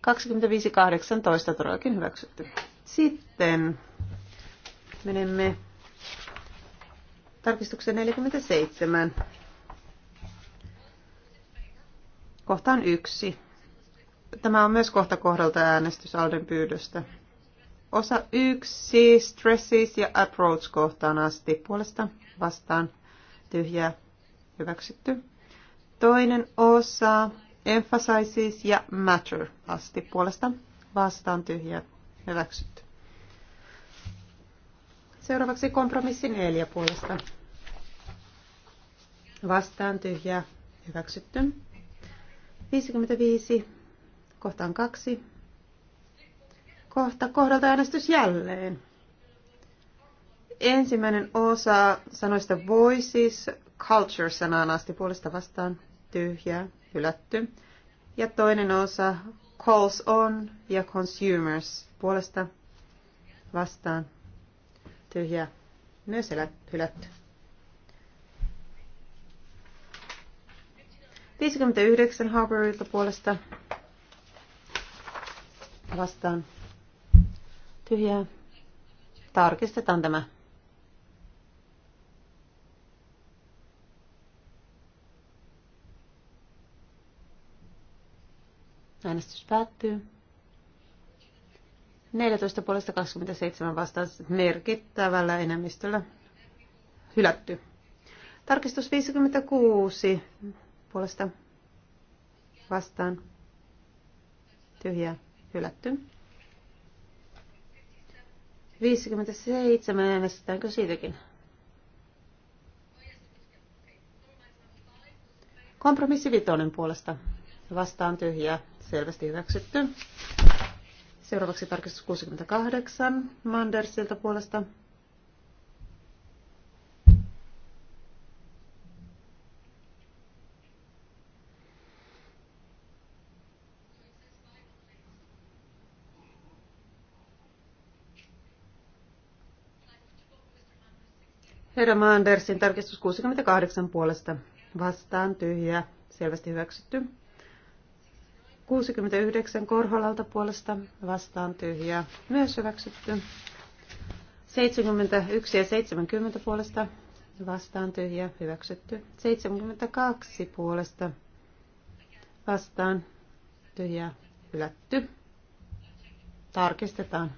Kaksikymmentäviisi kahdeksantoista todellakin hyväksytty. Sitten menemme tarkistukseen 47. Kohtaan yksi. Tämä on myös kohta kohdalta äänestys Alden pyydöstä. Osa yksi, stresses ja approach kohtaan asti. Puolesta vastaan tyhjää hyväksytty. Toinen osa, emphasizes ja matter asti. Puolesta vastaan tyhjää hyväksytty. Seuraavaksi kompromissi neljä puolesta. Vastaan tyhjä. Hyväksytty. 55. Kohtaan kaksi. Kohta kohdalta äänestys jälleen. Ensimmäinen osa sanoista voices, siis culture-sanaan asti puolesta vastaan tyhjä, hylätty. Ja toinen osa calls on ja consumers puolesta vastaan tyhjä, myös hylätty. 59 Harborilta puolesta vastaan tyhjää. Tarkistetaan tämä. Äänestys päättyy. 14 puolesta 27 vastaan merkittävällä enemmistöllä hylätty. Tarkistus 56 puolesta vastaan tyhjä, hylätty. 57 äänestetäänkö siitäkin? Kompromissi vitonen puolesta vastaan tyhjä, selvästi hyväksytty. Seuraavaksi tarkistus 68 Mandersilta puolesta. Herra Mandersin tarkistus 68 puolesta. Vastaan tyhjä. Selvästi hyväksytty. 69 Korholalta puolesta vastaan tyhjää. Myös hyväksytty. 71 ja 70 puolesta vastaan tyhjää. Hyväksytty. 72 puolesta vastaan tyhjää. Hylätty. Tarkistetaan.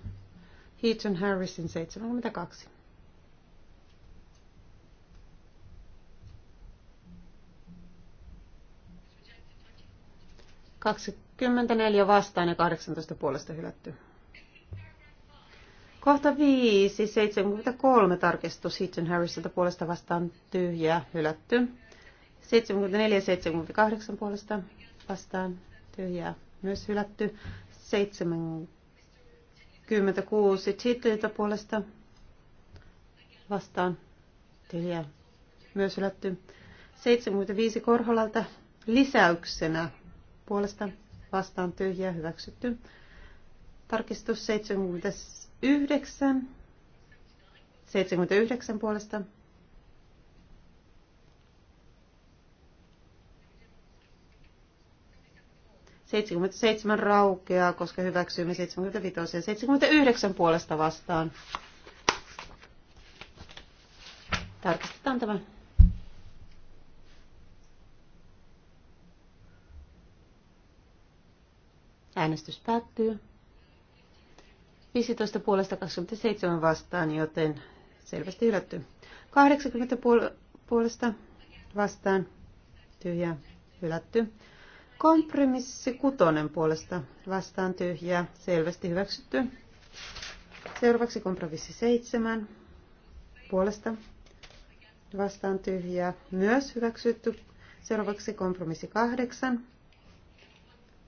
Heaton Harrisin 72. 24 vastaan ja 18 puolesta hylätty. Kohta 5, 73 tarkistus Hitchin Harrisilta puolesta vastaan tyhjä hylätty. 74 78 puolesta vastaan tyhjää myös hylätty. 76 Chitliltä puolesta vastaan tyhjää myös hylätty. 75 Korholalta lisäyksenä puolesta vastaan tyhjää hyväksytty. Tarkistus 79. 79 puolesta Seitsemän raukeaa, koska hyväksyimme 75 ja 79 puolesta vastaan. Tarkistetaan tämä. Äänestys päättyy. 15 puolesta 27 vastaan, joten selvästi hylätty. 80 puolesta vastaan, tyhjä, hylätty. Kompromissi kutonen puolesta vastaan tyhjä selvästi hyväksytty. Seuraavaksi kompromissi 7 puolesta vastaan tyhjä myös hyväksytty. Seuraavaksi kompromissi 8.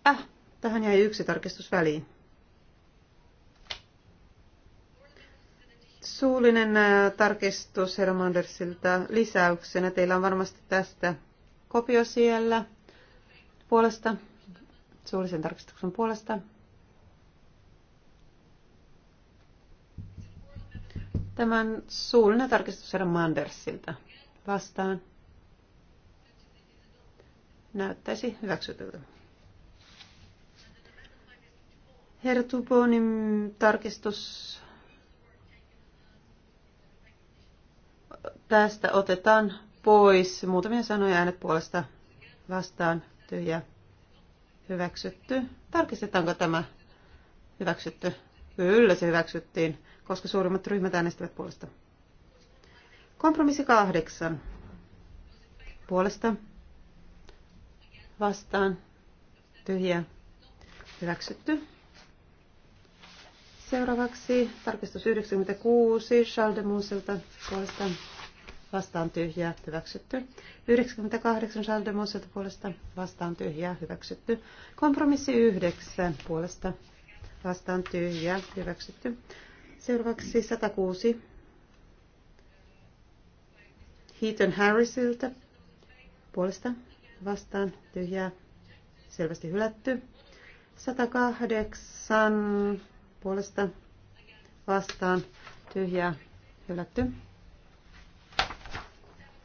Äh, Tähän jäi yksi tarkistus väliin. Suullinen tarkistus Hermandersilta lisäyksenä. Teillä on varmasti tästä kopio siellä puolesta, suullisen tarkistuksen puolesta. Tämän suullinen tarkistus Mandersilta vastaan näyttäisi hyväksytyltä. Herra Tuponin tarkistus tästä otetaan pois. Muutamia sanoja äänet puolesta vastaan tyhjä hyväksytty. Tarkistetaanko tämä hyväksytty? Kyllä se hyväksyttiin, koska suurimmat ryhmät äänestivät puolesta. Kompromissi kahdeksan. Puolesta vastaan tyhjä hyväksytty. Seuraavaksi tarkistus 96 Schaldemuselta puolesta vastaan tyhjää hyväksytty. 98 Schaldemuselta puolesta vastaan tyhjää hyväksytty. Kompromissi 9 puolesta vastaan tyhjää hyväksytty. Seuraavaksi 106 Heaton Harrisilta puolesta vastaan tyhjää selvästi hylätty. 108 puolesta vastaan tyhjää hylätty.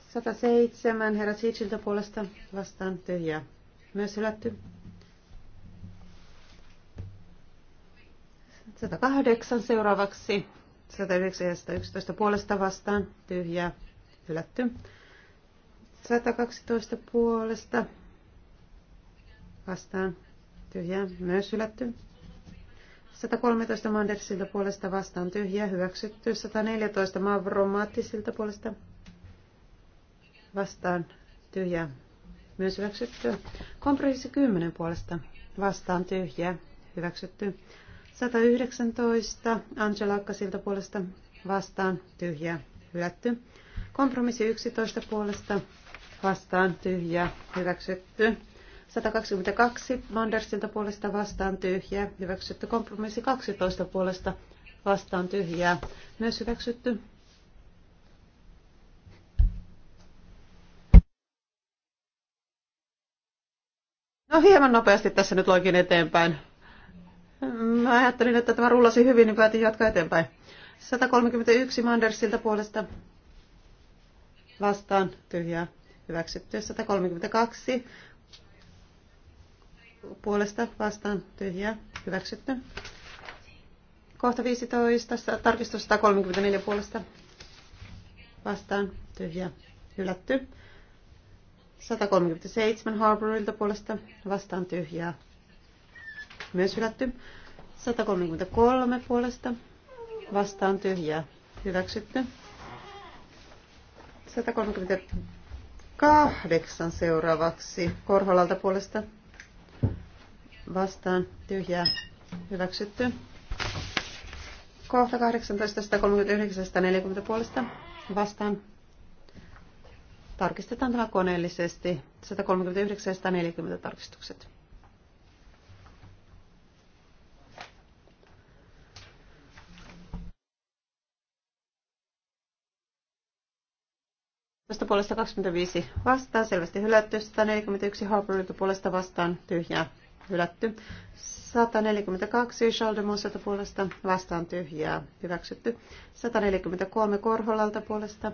107 herra Sitsiltä puolesta vastaan tyhjää myös hylätty. 108 seuraavaksi 109 ja 111 puolesta vastaan tyhjää hylätty. 112 puolesta vastaan tyhjää myös hylätty. 113 Mandersilta puolesta vastaan tyhjä hyväksytty. 114 Mavromaattisilta puolesta vastaan tyhjä myös hyväksytty. Kompromissi 10 puolesta vastaan tyhjä hyväksytty. 119 Angela Akkasilta puolesta vastaan tyhjä hylätty. Kompromissi 11 puolesta vastaan tyhjä hyväksytty. 122 Mandersilta puolesta vastaan tyhjää. Hyväksytty kompromissi 12 puolesta vastaan tyhjää. Myös hyväksytty. No hieman nopeasti tässä nyt loikin eteenpäin. Mä ajattelin, että tämä rullasi hyvin, niin päätin jatkaa eteenpäin. 131 Mandersilta puolesta vastaan tyhjää hyväksytty. 132 puolesta vastaan tyhjää hyväksytty. Kohta 15, tarkistus 134 puolesta vastaan tyhjää hylätty. 137 Harborilta puolesta vastaan tyhjää myös hylätty. 133 puolesta vastaan tyhjää hyväksytty. 138 seuraavaksi Korholalta puolesta vastaan tyhjää hyväksytty. Kohta 18, puolesta vastaan. Tarkistetaan tämä koneellisesti. 139 tarkistukset. Tästä puolesta 25 vastaan, selvästi hylätty, 141 haapurilta puolesta vastaan, tyhjää hylätty. 142 Schaldemuselta puolesta vastaan tyhjää hyväksytty. 143 Korholalta puolesta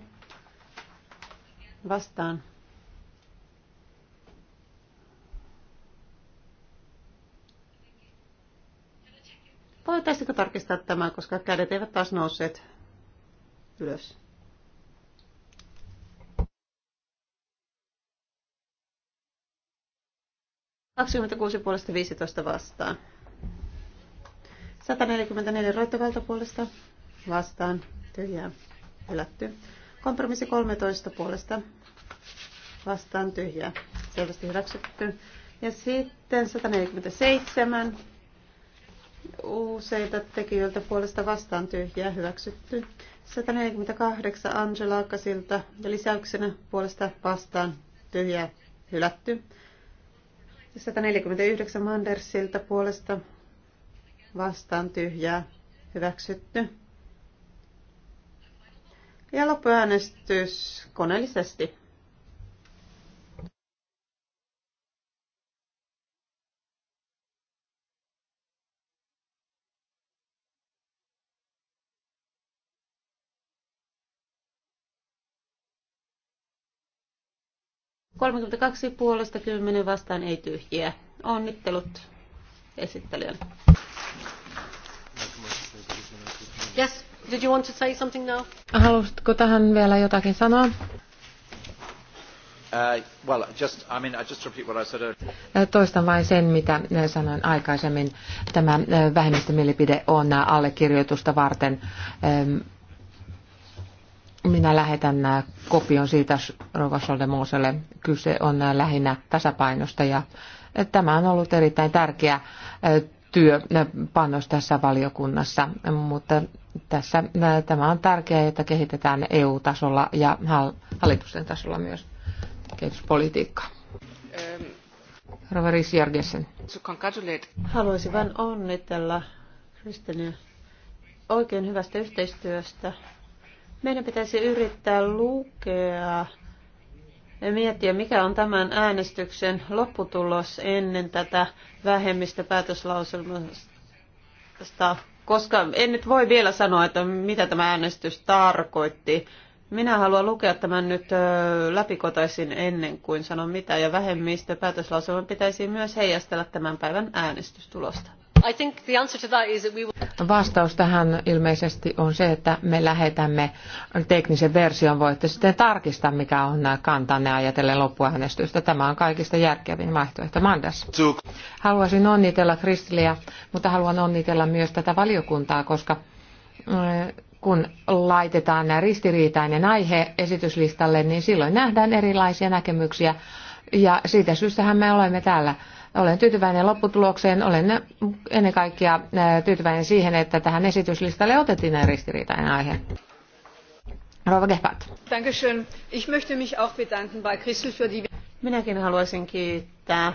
vastaan Voitaisiko tarkistaa tämä, koska kädet eivät taas nousseet ylös? 26 puolesta 15 vastaan. 144 roittovalta puolesta vastaan. Tyhjää. Hylätty. Kompromissi 13 puolesta vastaan. Tyhjää. Selvästi hyväksytty. Ja sitten 147 useita tekijöiltä puolesta vastaan tyhjää hyväksytty. 148 Angela Akkasilta ja lisäyksenä puolesta vastaan tyhjää hylätty. 149 Mandersilta puolesta vastaan tyhjää hyväksytty. Ja loppuäänestys koneellisesti. 32 puolesta 10 vastaan ei tyhjiä. Onnittelut esittelijälle. Yes, did you want to say something now? Halusitko tähän vielä jotakin sanoa? Toistan vain sen, mitä sanoin aikaisemmin. Tämä vähemmistömielipide on allekirjoitusta varten. Minä lähetän äh, kopion siitä Rova Soldemoselle. Kyse on äh, lähinnä tasapainosta ja äh, tämä on ollut erittäin tärkeä työpanos tässä valiokunnassa, mutta tässä, tämä on tärkeää, että kehitetään EU-tasolla ja hallitusten tasolla myös kehityspolitiikkaa. Roveris Järgesen. Haluaisin vain onnitella Kristinia oikein hyvästä yhteistyöstä meidän pitäisi yrittää lukea ja miettiä, mikä on tämän äänestyksen lopputulos ennen tätä vähemmistä päätöslauselmasta, koska en nyt voi vielä sanoa, että mitä tämä äänestys tarkoitti. Minä haluan lukea tämän nyt läpikotaisin ennen kuin sanon mitä, ja vähemmistö päätöslauselman pitäisi myös heijastella tämän päivän äänestystulosta. Vastaus tähän ilmeisesti on se, että me lähetämme teknisen version. Voitte sitten tarkistaa, mikä on kantanne ajatellen loppuäänestystä. Tämä on kaikista järkevin vaihtoehto. Mandas. Haluaisin onnitella Kristiliä, mutta haluan onnitella myös tätä valiokuntaa, koska eh, kun laitetaan ristiriitainen aihe esityslistalle, niin silloin nähdään erilaisia näkemyksiä. Ja siitä syystähän me olemme täällä olen tyytyväinen lopputulokseen. Olen äh, ennen kaikkea äh, tyytyväinen siihen, että tähän esityslistalle otettiin näin ristiriitainen aihe. Rova Gehbart. Ich möchte mich auch bedanken bei Christel für die... Minäkin haluaisin kiittää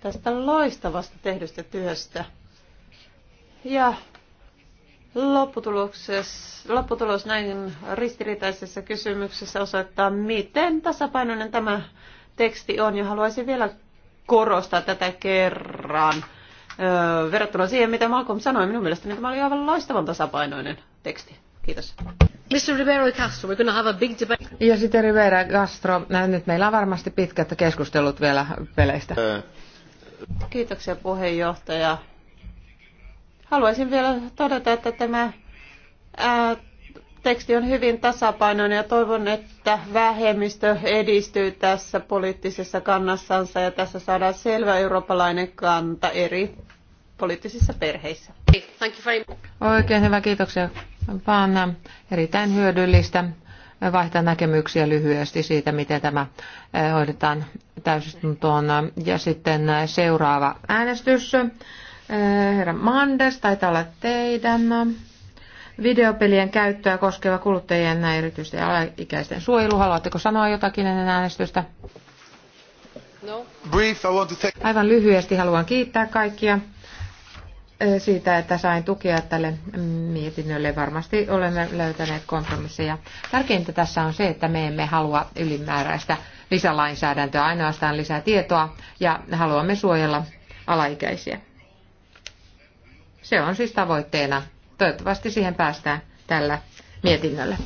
tästä loistavasta tehdystä työstä. Ja lopputulos näin ristiriitaisessa kysymyksessä osoittaa, miten tasapainoinen tämä teksti on. Ja haluaisin vielä korostaa tätä kerran. Öö, verrattuna siihen, mitä Malcolm sanoi, minun mielestäni tämä oli aivan loistavan tasapainoinen teksti. Kiitos. Mr. Rivera Castro, we're going to have a big debate. Ja sitten Rivera Castro, nyt meillä on varmasti pitkät keskustelut vielä peleistä. Kiitoksia puheenjohtaja. Haluaisin vielä todeta, että tämä ää, teksti on hyvin tasapainoinen ja toivon, että vähemmistö edistyy tässä poliittisessa kannassansa ja tässä saadaan selvä eurooppalainen kanta eri poliittisissa perheissä. Oikein hyvä, kiitoksia Panna. Erittäin hyödyllistä vaihtaa näkemyksiä lyhyesti siitä, miten tämä eh, hoidetaan täysistuntoon. Ja sitten eh, seuraava äänestys. Eh, herra Manders, taitaa olla teidän videopelien käyttöä koskeva kuluttajien ja erityisesti alaikäisten suojelu. Haluatteko sanoa jotakin ennen äänestystä? No. Aivan lyhyesti haluan kiittää kaikkia eh, siitä, että sain tukea tälle mietinnölle. Varmasti olemme löytäneet kompromisseja. Tärkeintä tässä on se, että me emme halua ylimääräistä lisälainsäädäntöä, ainoastaan lisää tietoa ja haluamme suojella alaikäisiä. Se on siis tavoitteena Toivottavasti siihen päästään tällä mietinnöllä.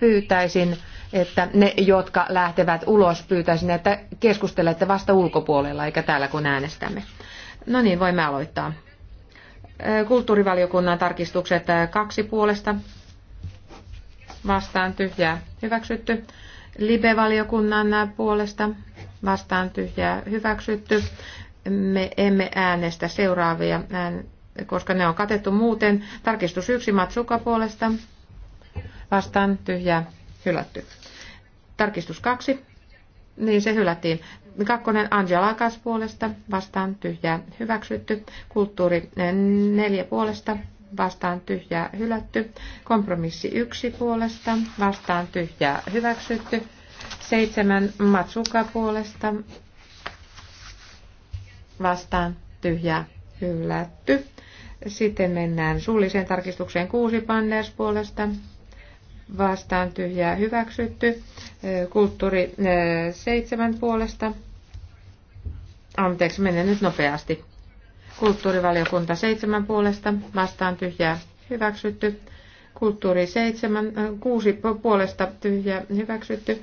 Pyytäisin, että ne, jotka lähtevät ulos, pyytäisin, että keskustelette vasta ulkopuolella, eikä täällä kun äänestämme. No niin, voimme aloittaa. Kulttuurivaliokunnan tarkistukset kaksi puolesta. Vastaan tyhjää. Hyväksytty. Libe-valiokunnan puolesta. Vastaan tyhjää. Hyväksytty. Me emme äänestä seuraavia ään koska ne on katettu muuten. Tarkistus yksi Matsuka puolesta. Vastaan tyhjä hylätty. Tarkistus kaksi. Niin se hylättiin. Kakkonen Angela Kas puolesta. Vastaan tyhjä hyväksytty. Kulttuuri eh, neljä puolesta. Vastaan tyhjä hylätty. Kompromissi yksi puolesta. Vastaan tyhjä hyväksytty. Seitsemän Matsuka puolesta. Vastaan tyhjä hylätty. Sitten mennään suulliseen tarkistukseen kuusi Panners puolesta. Vastaan tyhjää hyväksytty. Kulttuuri seitsemän puolesta. Anteeksi, menen nyt nopeasti. Kulttuurivaliokunta seitsemän puolesta. Vastaan tyhjää hyväksytty. Kulttuuri 7, 6 puolesta tyhjä hyväksytty.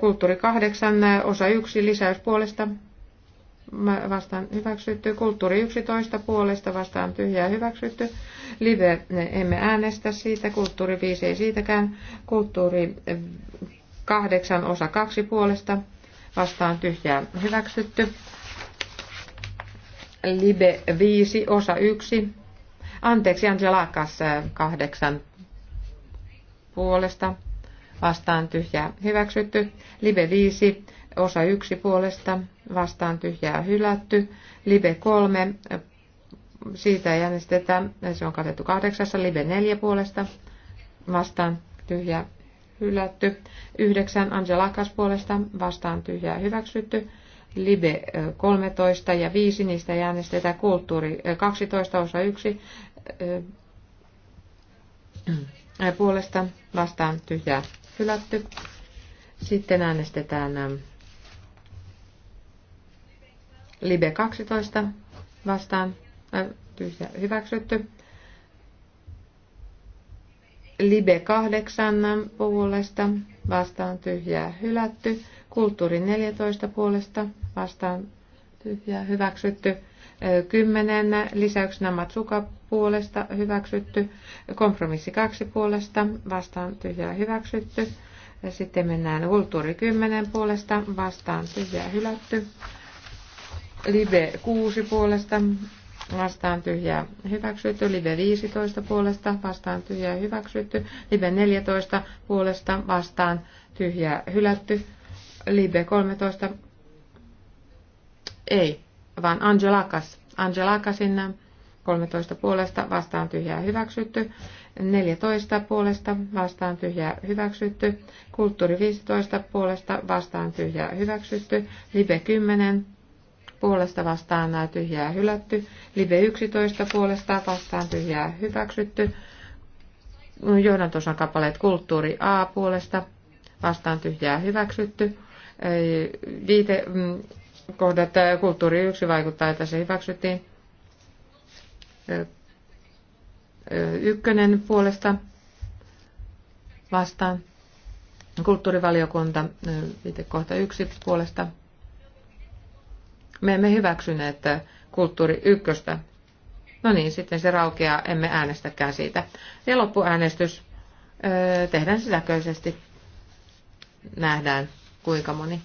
Kulttuuri 8, osa 1 lisäys puolesta vastaan hyväksytty, kulttuuri 11 puolesta vastaan tyhjää hyväksytty, live emme äänestä siitä, kulttuuri 5 ei siitäkään, kulttuuri 8 osa 2 puolesta vastaan tyhjää hyväksytty, live 5 osa 1, anteeksi Angelakas 8 äh, puolesta vastaan tyhjää hyväksytty, live 5 osa yksi puolesta vastaan tyhjää hylätty. Libe 3, siitä ei äänestetä, se on katettu kahdeksassa. Libe 4 puolesta vastaan tyhjää hylätty. 9 Angelakas puolesta vastaan tyhjää hyväksytty. Libe 13 ja 5, niistä ei äänestetä. Kulttuuri 12 osa 1 puolesta vastaan tyhjää hylätty. Sitten äänestetään Libe 12 äh, vastaan tyhjä hyväksytty. Libe 8 puolesta vastaan tyhjää äh, hylätty. Kulttuuri 14 puolesta vastaan tyhjää hyväksytty. 10 lisäyksenä Matsuka puolesta hyväksytty. Kompromissi 2 puolesta vastaan tyhjää hyväksytty. Sitten mennään kulttuuri 10 puolesta vastaan tyhjää hylätty. Live 6 puolesta vastaan tyhjää hyväksytty, Live 15 puolesta vastaan tyhjää hyväksytty, Live 14 puolesta vastaan tyhjää hylätty, Live 13 ei, vaan Angelakas. Angelakasin 13 puolesta vastaan tyhjää hyväksytty, 14 puolesta vastaan tyhjää hyväksytty, kulttuuri 15 puolesta vastaan tyhjää hyväksytty, live 10 puolesta vastaan tyhjää hylätty. Live 11 puolesta vastaan tyhjää hyväksytty. Johdantosan kappaleet kulttuuri A puolesta vastaan tyhjää hyväksytty. Viite mm, kohdat kulttuuri 1 vaikuttaa, että se hyväksyttiin. Ykkönen puolesta vastaan. Kulttuurivaliokunta viite kohta yksi puolesta me emme hyväksyneet kulttuuri ykköstä. No niin, sitten se raukeaa, emme äänestäkään siitä. Ja loppuäänestys öö, tehdään sisäköisesti. Nähdään, kuinka moni,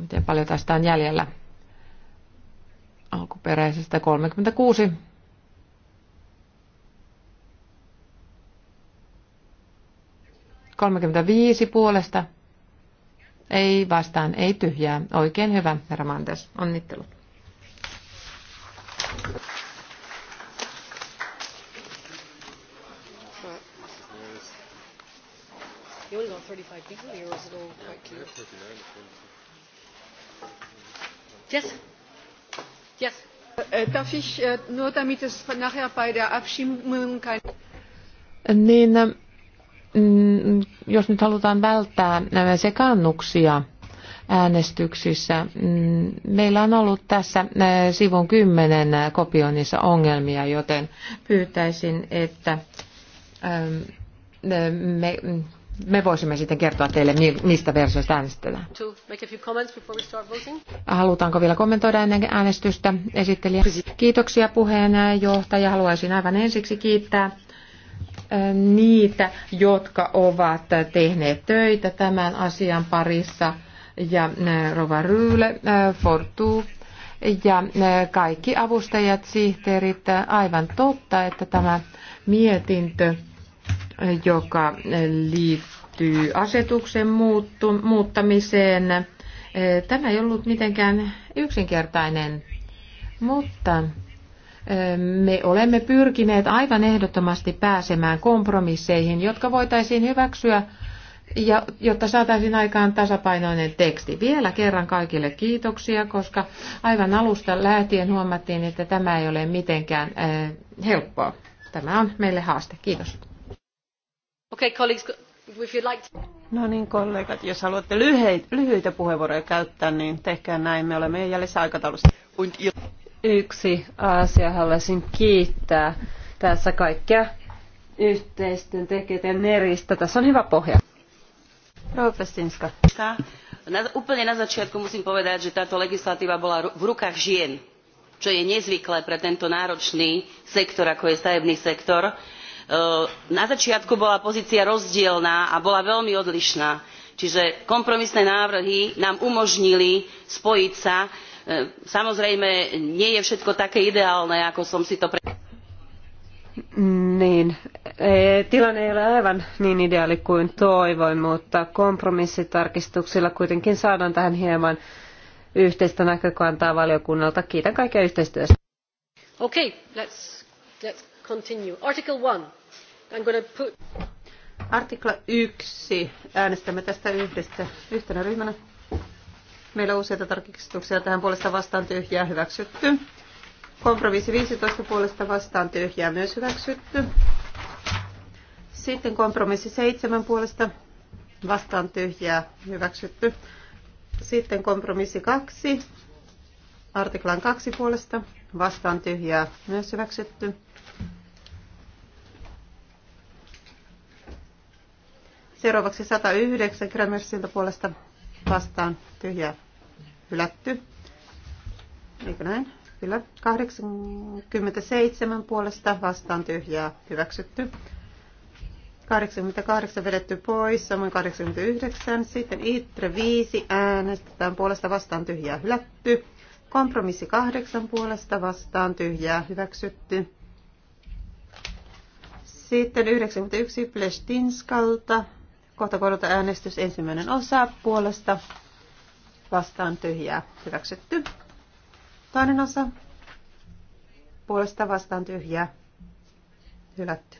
miten paljon tästä on jäljellä alkuperäisestä 36 35 puolesta ei vastaan, ei tyhjää. Oikein hyvä, herra Mandes. Onnittelut. Yes. Yes. Äh, äh, darf ich äh, nur, damit es nachher bei der Abstimmung kein... Niin, Mm, jos nyt halutaan välttää sekannuksia äänestyksissä, mm, meillä on ollut tässä äh, sivun kymmenen kopioinnissa ongelmia, joten pyytäisin, että ähm, äh, me, mm, me voisimme sitten kertoa teille, mistä versioista äänestetään. Halutaanko vielä kommentoida ennen äänestystä esittelijä? Kiitoksia puheenjohtaja. Haluaisin aivan ensiksi kiittää niitä, jotka ovat tehneet töitä tämän asian parissa, ja Rova Ryyle, Fortu ja kaikki avustajat, sihteerit. Aivan totta, että tämä mietintö, joka liittyy asetuksen muuttu, muuttamiseen, tämä ei ollut mitenkään yksinkertainen, mutta me olemme pyrkineet aivan ehdottomasti pääsemään kompromisseihin, jotka voitaisiin hyväksyä, ja, jotta saataisiin aikaan tasapainoinen teksti. Vielä kerran kaikille kiitoksia, koska aivan alusta lähtien huomattiin, että tämä ei ole mitenkään äh, helppoa. Tämä on meille haaste. Kiitos. Okay, colleagues, if you'd like to... No niin, kollegat, jos haluatte lyhyitä, lyhyitä puheenvuoroja käyttää, niin tehkää näin. Me olemme jäljessä aikataulussa yksi asia haluaisin kiittää tässä kaikkia yhteistyön tekijöitä Neristä. Tässä on hyvä pohja. Rovestinska. Na, úplne na začiatku musím povedať, že táto legislatíva bola v rukách žien, čo je nezvyklé pre tento náročný sektor, ako je stavebný sektor. E, na začiatku bola pozícia rozdielná a bola veľmi odlišná. Čiže kompromisné návrhy nám umožnili spojiť sa Samozrejme, nie je všetko také ideálne, ako som si to pre... Niin, tilanne ei ole aivan niin ideaali kuin toivoin, mutta kompromissitarkistuksilla kuitenkin saadaan tähän hieman yhteistä näkökantaa valiokunnalta. Kiitän kaikkia yhteistyöstä. Okay, let's, let's continue. Article one. I'm going to put... Artikla 1. Äänestämme tästä yhdessä yhtenä ryhmänä Meillä on useita tarkistuksia tähän puolesta vastaan tyhjää hyväksytty. Kompromissi 15 puolesta vastaan tyhjää myös hyväksytty. Sitten kompromissi 7 puolesta vastaan tyhjää hyväksytty. Sitten kompromissi 2 artiklan 2 puolesta vastaan tyhjää myös hyväksytty. Seuraavaksi 109 Grammersilta puolesta vastaan tyhjää hylätty. Eikö näin? Kyllä. 87 puolesta vastaan tyhjää hyväksytty. 88 vedetty pois, samoin 89. Sitten ITRE 5 äänestetään puolesta vastaan tyhjää hylätty. Kompromissi 8 puolesta vastaan tyhjää hyväksytty. Sitten 91 Plestinskalta. Kohta äänestys ensimmäinen osa puolesta vastaan tyhjää hyväksytty. Toinen osa puolesta vastaan tyhjää hylätty.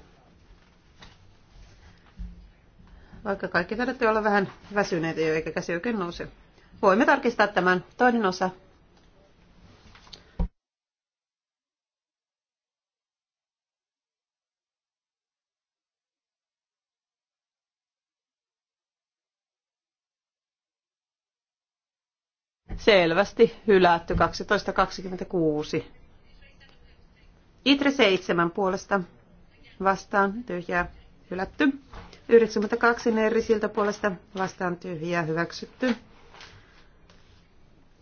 Vaikka kaikki täytyy olla vähän väsyneitä jo eikä käsi oikein nouse. Voimme tarkistaa tämän toinen osa selvästi hylätty 12.26. Itre 7 puolesta vastaan tyhjää hylätty. 92 Neri siltä puolesta vastaan tyhjää hyväksytty.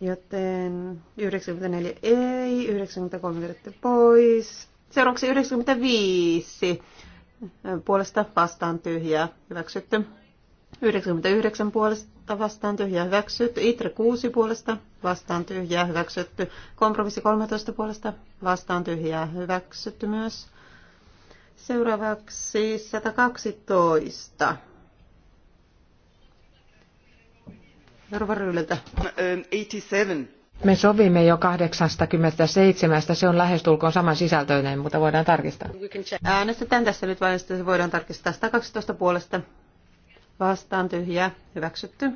Joten 94 ei, 93 vedetty pois. Seuraavaksi 95 puolesta vastaan tyhjää hyväksytty. 99 puolesta vastaan tyhjää hyväksytty. Itre 6 puolesta vastaan tyhjää hyväksytty. Kompromissi 13 puolesta vastaan tyhjää hyväksytty myös. Seuraavaksi 112. Jorva Ryyliltä. 87. Me sovimme jo 87. Se on lähestulkoon saman sisältöinen, mutta voidaan tarkistaa. Äänestetään tässä nyt vain, että se voidaan tarkistaa 112 puolesta vastaan tyhjä. hyväksytty.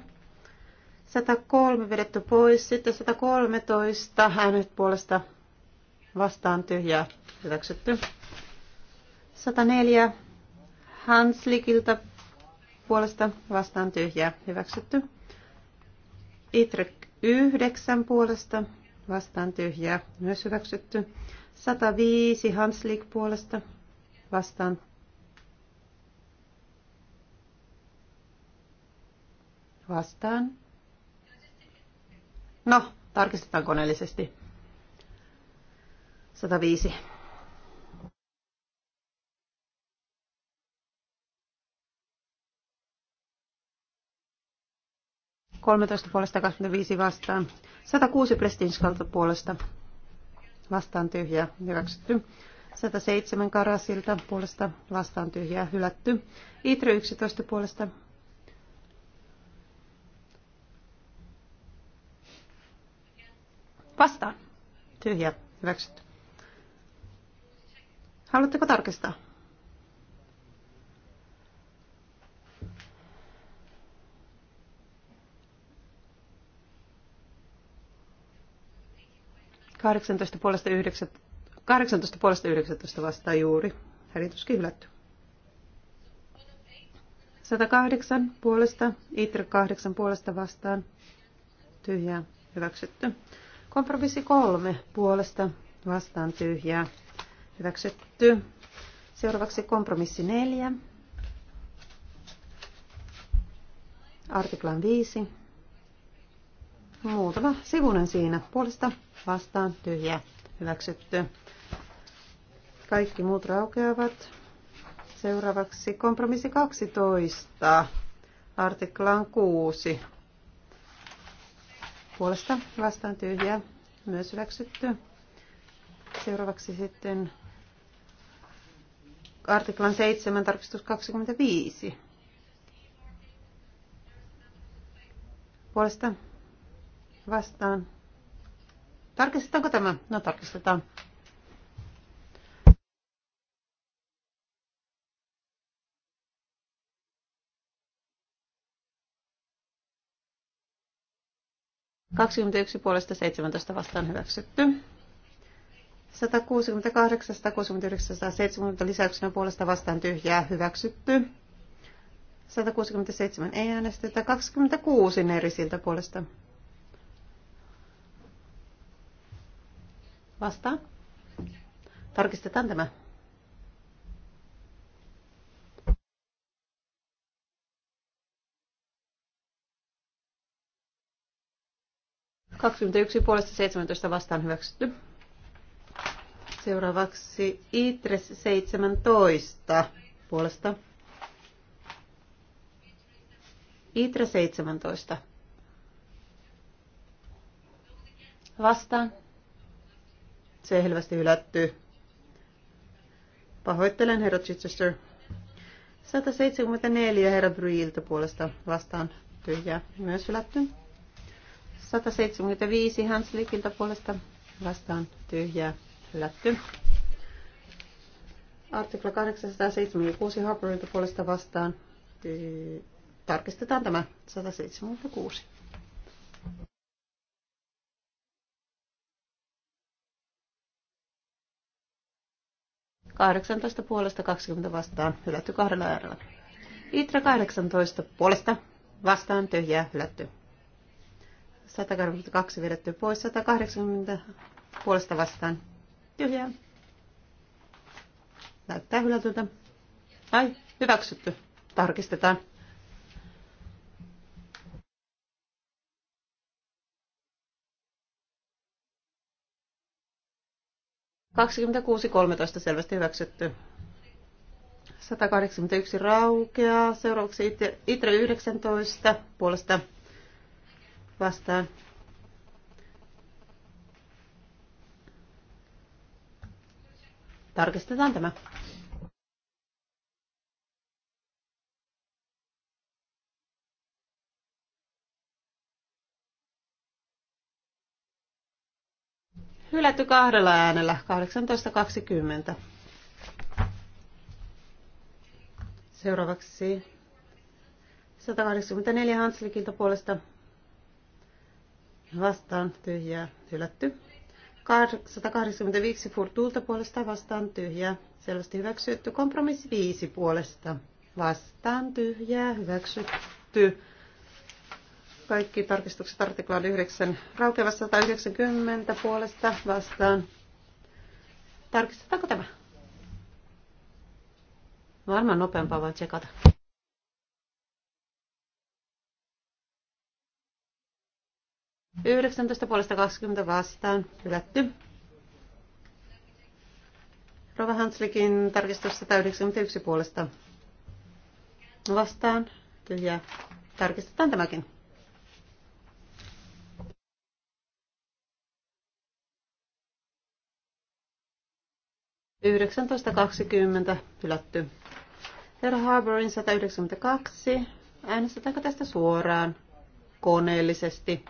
103 vedetty pois, sitten 113 äänet puolesta vastaan tyhjä. hyväksytty. 104 Hanslikilta puolesta vastaan tyhjä. hyväksytty. Itrek 9 puolesta vastaan tyhjä. myös hyväksytty. 105 Hanslik puolesta vastaan Vastaan. No, tarkistetaan koneellisesti. 105. Kolmetoista puolesta 25 vastaan. 106 Prestinskalta puolesta vastaan tyhjä, hyväksytty. 107 Karasilta puolesta vastaan tyhjä, hylätty. Itre 11 puolesta Vastaan. Tyhjä. Hyväksytty. Haluatteko tarkistaa? Kahdeksantoista puolesta 18 19 vastaa juuri. Eli tuskin hylätty. 108 puolesta, Itre 8 puolesta vastaan. Tyhjää, hyväksytty. Kompromissi kolme puolesta vastaan tyhjää. Hyväksytty. Seuraavaksi kompromissi neljä. Artiklan viisi. Muutama sivunen siinä. Puolesta vastaan tyhjää. Hyväksytty. Kaikki muut raukeavat. Seuraavaksi kompromissi 12. Artiklaan 6 puolesta vastaan tyhjää myös hyväksytty. Seuraavaksi sitten artiklan 7 tarkistus 25. Puolesta vastaan. Tarkistetaanko tämä? No tarkistetaan. 21 puolesta 17 vastaan hyväksytty. 168, 169, 170 lisäyksenä puolesta vastaan tyhjää hyväksytty. 167 ei äänestetä, 26 eri siltä puolesta. Vastaan. Tarkistetaan tämä. 21 puolesta 17 vastaan hyväksytty. Seuraavaksi ITRES 17 puolesta. ITRE 17. Vastaan. Se Selvästi hylätty. Pahoittelen, herra Chichester. 174 herra Bryiltä puolesta vastaan tyhjää. Myös hylätty. 175 Hanslikilta puolesta vastaan tyhjää hylätty. Artikla 876 Harperilta puolesta vastaan. Tarkistetaan tämä 176. Kahdeksantoista puolesta 20 vastaan, hylätty kahdella äärellä. Itra 18 puolesta vastaan, tyhjää, hylätty. 182 vedetty pois, 180 puolesta vastaan. Tyhjää. Näyttää hylätyltä. Ai, hyväksytty. Tarkistetaan. Kaksikymmentäkuusi kolmetoista selvästi hyväksytty. 181 raukeaa. Seuraavaksi Itre 19 puolesta vastaan. Tarkistetaan tämä. Hylätty kahdella äänellä 18.20. Seuraavaksi 184 Hanslikilta puolesta vastaan tyhjää hylätty. 185 furtuulta puolesta vastaan tyhjää selvästi hyväksytty. Kompromissi 5 puolesta vastaan tyhjää hyväksytty. Kaikki tarkistukset artiklaan 9 raukeva 190 puolesta vastaan. Tarkistetaanko tämä? Varmaan nopeampaa vaan tsekata. 19 puolesta 20 vastaan hylätty. Rova Hanslikin tarkistus 191 puolesta vastaan tyhjää. Tarkistetaan tämäkin. Yhdeksäntoista kaksikymmentä hylätty. Herra Harborin 192. Äänestetäänkö tästä suoraan koneellisesti?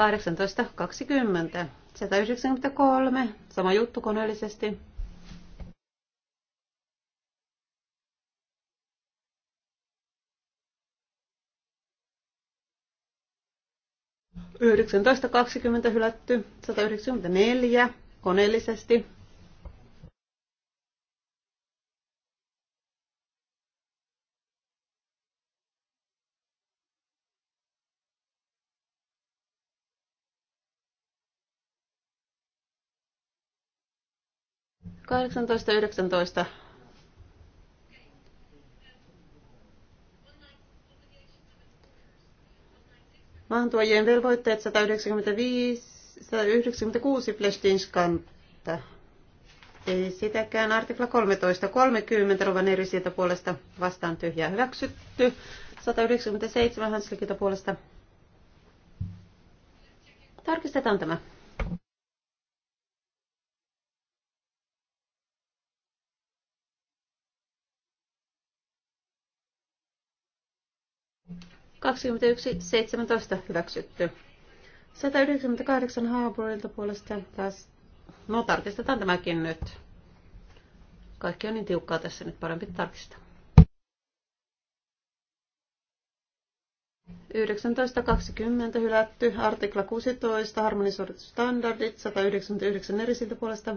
18.20. 193. Sama juttu koneellisesti. Yhdeksäntoista kaksikymmentä hylätty, neljä koneellisesti. 18.19. Maahantuojien velvoitteet 195, 196 Plestinskantta. Ei sitäkään. Artikla 13.30. Rovan eri sieltä puolesta vastaan tyhjää hyväksytty. 197 Hanslikilta puolesta. Tarkistetaan tämä. 21.17 hyväksytty. 198 Haaburilta puolesta taas. No tarkistetaan tämäkin nyt. Kaikki on niin tiukkaa tässä nyt parempi tarkistaa. 19.20 hylätty, artikla 16, harmonisoidut standardit, 199 eri siltä puolesta.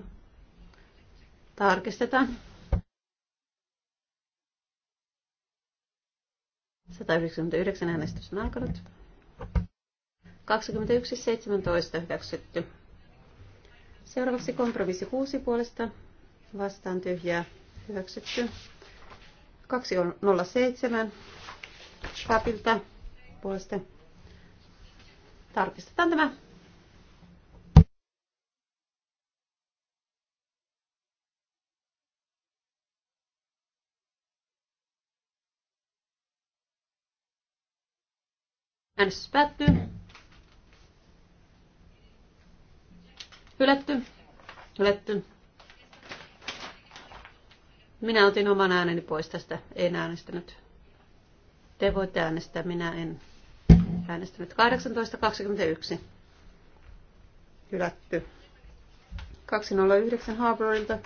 Tarkistetaan. 199 äänestys on alkanut. 21.17 hyväksytty. Seuraavaksi kompromissi 6 puolesta. Vastaan tyhjää hyväksytty. 207 Papilta puolesta. Tarkistetaan tämä Äänestys päättyy. Hylätty. Hylätty. Minä otin oman ääneni pois tästä. En äänestänyt. Te voitte äänestää. Minä en äänestänyt. 18.21. Hylätty. 209 Harborilta.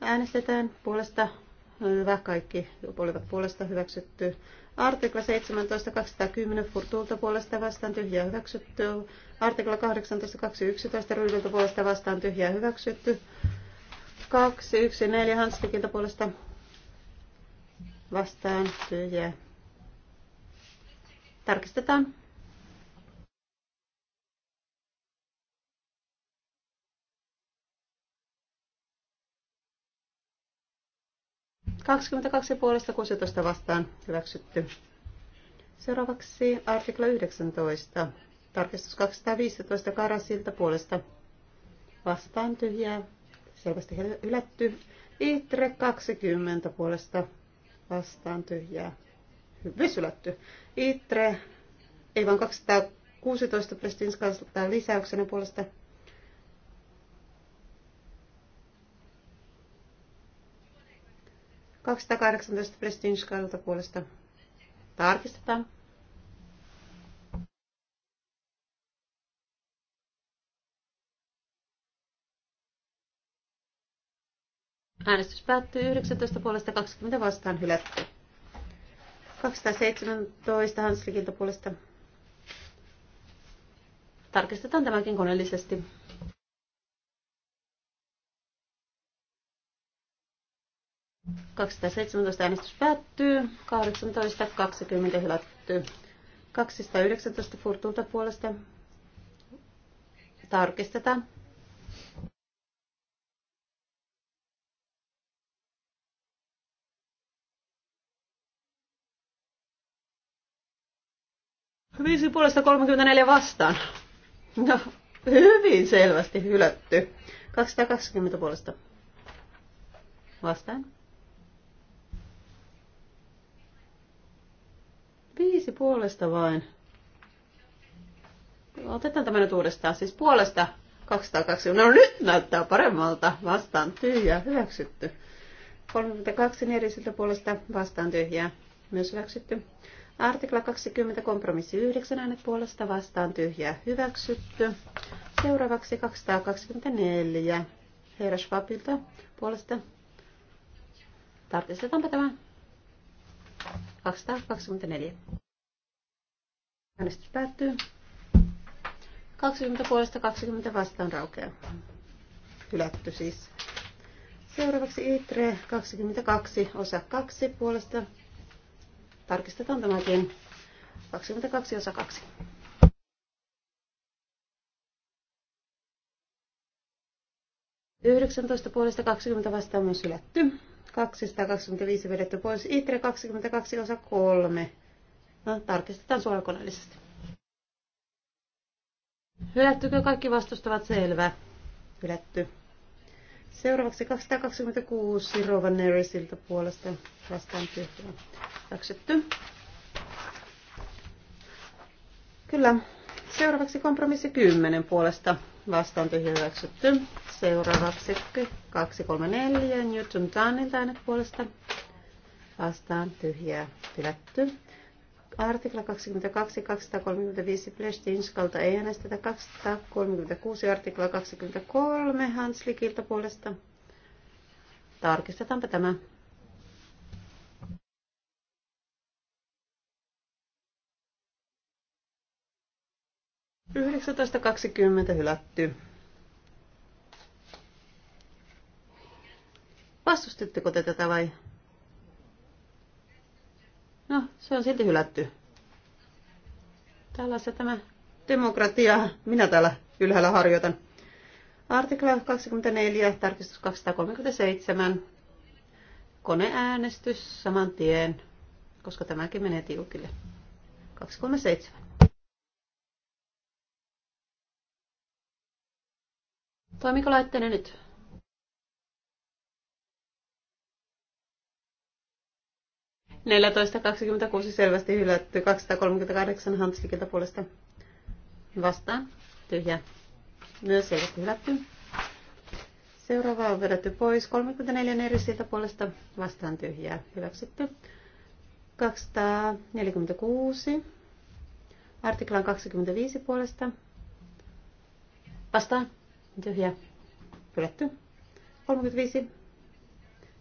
Äänestetään puolesta. Hyvä, kaikki olivat puolesta hyväksytty. Artikla 17, 210 Furtulta puolesta vastaan tyhjä hyväksytty. Artikla 18, 211 Ryhdyltä puolesta vastaan tyhjä hyväksytty. 214 Hanskikilta puolesta vastaan tyhjä. Tarkistetaan. 22 puolesta 16 vastaan hyväksytty. Seuraavaksi artikla 19. Tarkistus 215 Karasilta puolesta vastaan tyhjää. Selvästi hylätty. Itre 20 puolesta vastaan tyhjää. Hyvin hylätty. Itre, ei vaan 216 Prestinskalta lisäyksenä puolesta 218 Prestige puolesta tarkistetaan. Äänestys päättyy 19 puolesta 20 vastaan hylätty. 217 Hanslikilta puolesta. Tarkistetaan tämäkin koneellisesti. 217 äänestys päättyy. 18, 20 hylätty. 219 Furtulta puolesta tarkistetaan. Viisi puolesta 34 vastaan. No, hyvin selvästi hylätty. 220 puolesta vastaan. Viisi puolesta vain. Otetaan tämä nyt uudestaan. Siis puolesta 202. No nyt näyttää paremmalta. Vastaan tyhjää. Hyväksytty. 32 neljäsiltä puolesta vastaan tyhjää. Myös hyväksytty. Artikla 20 kompromissi 9 äänet puolesta vastaan tyhjää. Hyväksytty. Seuraavaksi 224. Herra Schwabilta puolesta. Tarkistetaanpa tämä. 224. Äänestys päättyy. 20 puolesta 20 vastaan raukeaa. Hylätty siis. Seuraavaksi ITRE 22 osa 2 puolesta. Tarkistetaan tämäkin. 22 osa 2. Yhdeksäntoista puolesta kaksikymmentä vastaan myös hylätty. 225 vedetty pois. ITRE 22 osa 3. No, tarkistetaan suorakoneellisesti. Hylättykö kaikki vastustavat selvä? Hylätty. Seuraavaksi 226 Rovan Neresiltä puolesta vastaan tyhjää. Hyväksytty. Kyllä. Seuraavaksi kompromissi 10 puolesta vastaanto hyväksytty. Seuraavaksi 234 Newton Tannin äänet puolesta vastaan tyhjää hylätty. Artikla 22, 235 Plestinskalta ei äänestetä 236, artikla 23 Hanslikilta puolesta. Tarkistetaanpa tämä. 19.20 hylätty. Vastustitteko te tätä vai? No, se on silti hylätty. se tämä demokratia minä täällä ylhäällä harjoitan. Artikla 24, tarkistus 237. Koneäänestys saman tien, koska tämäkin menee tiukille. 237. Toimiko laitteenne nyt? Neljätoista kaksikymmentäkuusi selvästi hylätty. 238 Hamslikilta puolesta vastaan. Tyhjä. Myös selvästi hylätty. Seuraava on vedetty pois. 34 eri siltä puolesta vastaan tyhjää. Hyväksytty. 246. Artiklan 25 puolesta. Vastaan. Tyhjä. Hylätty. 35.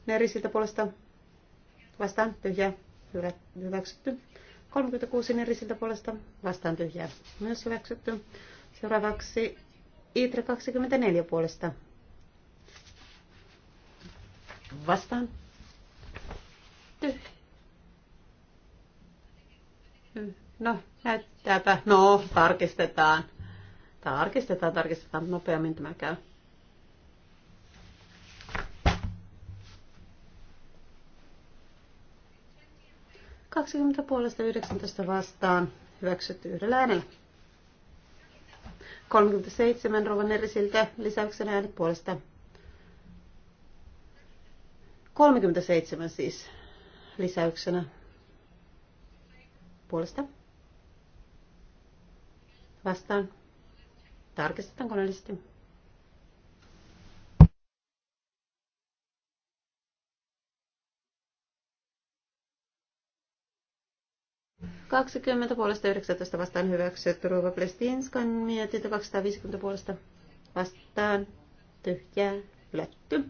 Nerisiltä puolesta vastaan tyhjä. Hyväksytty. 36 nerisiltä puolesta vastaan tyhjä, Myös hyväksytty. Seuraavaksi Itre 24 puolesta vastaan. Tyhjä. No, näyttääpä. No, tarkistetaan. Tarkistetaan, tarkistetaan. Nopeammin tämä käy. Kaksikymmentä puolesta 19 vastaan. Hyväksytty yhdellä äänellä. 37 Rovan erisiltä lisäyksen äänet puolesta. 37 siis lisäyksenä puolesta. Vastaan. Tarkistetaan koneellisesti. Kaksikymmentä puolesta 19 vastaan hyväksytty Ruva Plestinskan mietintö 250 puolesta vastaan tyhjää hylätty.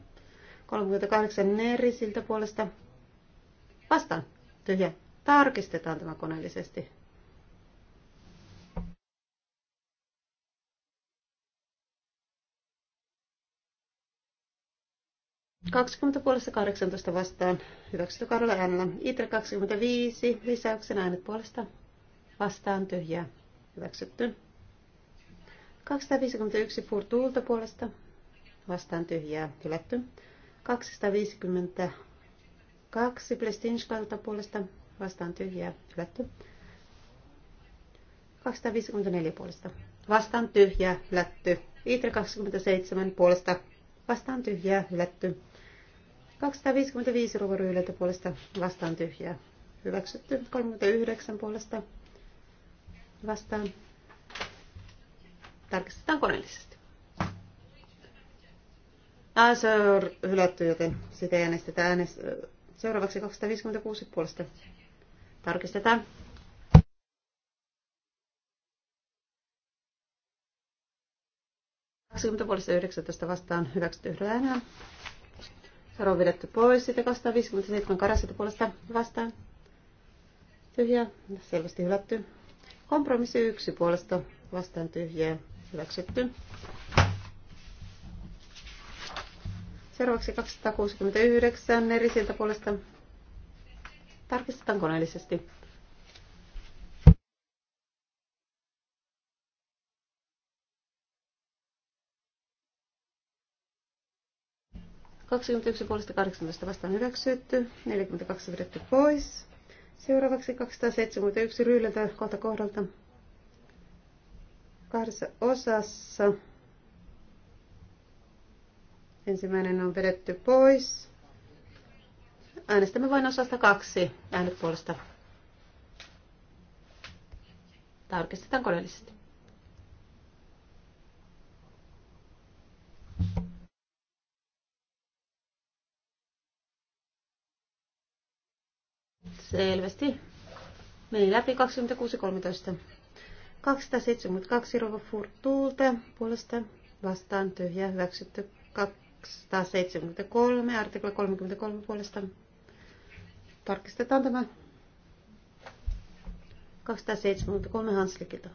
38 Neri siltä puolesta vastaan tyhjä. Tarkistetaan tämä koneellisesti. 20 puolesta 18 vastaan. Hyväksytty Karola äänellä. Itre 25. Lisäyksen äänet puolesta. Vastaan tyhjää. Hyväksytty. 251 Furtuulta puolesta. Vastaan tyhjää. Hylätty. 252 Plestinskalta puolesta. Vastaan tyhjää. Hylätty. 254 puolesta. Vastaan tyhjää. Hylätty. Itre 27 puolesta. Vastaan tyhjää. Hylätty. 255 ruokoryhdeltä puolesta vastaan tyhjää. Hyväksytty 39 puolesta vastaan. Tarkistetaan koneellisesti. Ah, se on hylätty, joten sitä äänestetään äänest... Seuraavaksi 256 puolesta. Tarkistetaan. puolesta 19 vastaan hyväksytty yhdellä äänellä. Saro on vedetty pois. Sitten 257 karassa puolesta vastaan. tyhjä, Selvästi hylätty. Kompromissi 1 puolesta vastaan tyhjä, Hyväksytty. Seuraavaksi 269 eri siltä puolesta. Tarkistetaan koneellisesti. 21 puolesta 18 vastaan hyväksytty, 42 vedetty pois. Seuraavaksi 271 ryyliltä kohta kohdalta kahdessa osassa. Ensimmäinen on vedetty pois. Äänestämme vain osasta kaksi äänet puolesta. Tarkistetaan koneellisesti. Selvästi. Meni läpi 26.13. 272 rouva Furtulta puolesta vastaan tyhjä hyväksytty 273 artikla 33 puolesta. Tarkistetaan tämä 273 Hanslikilta.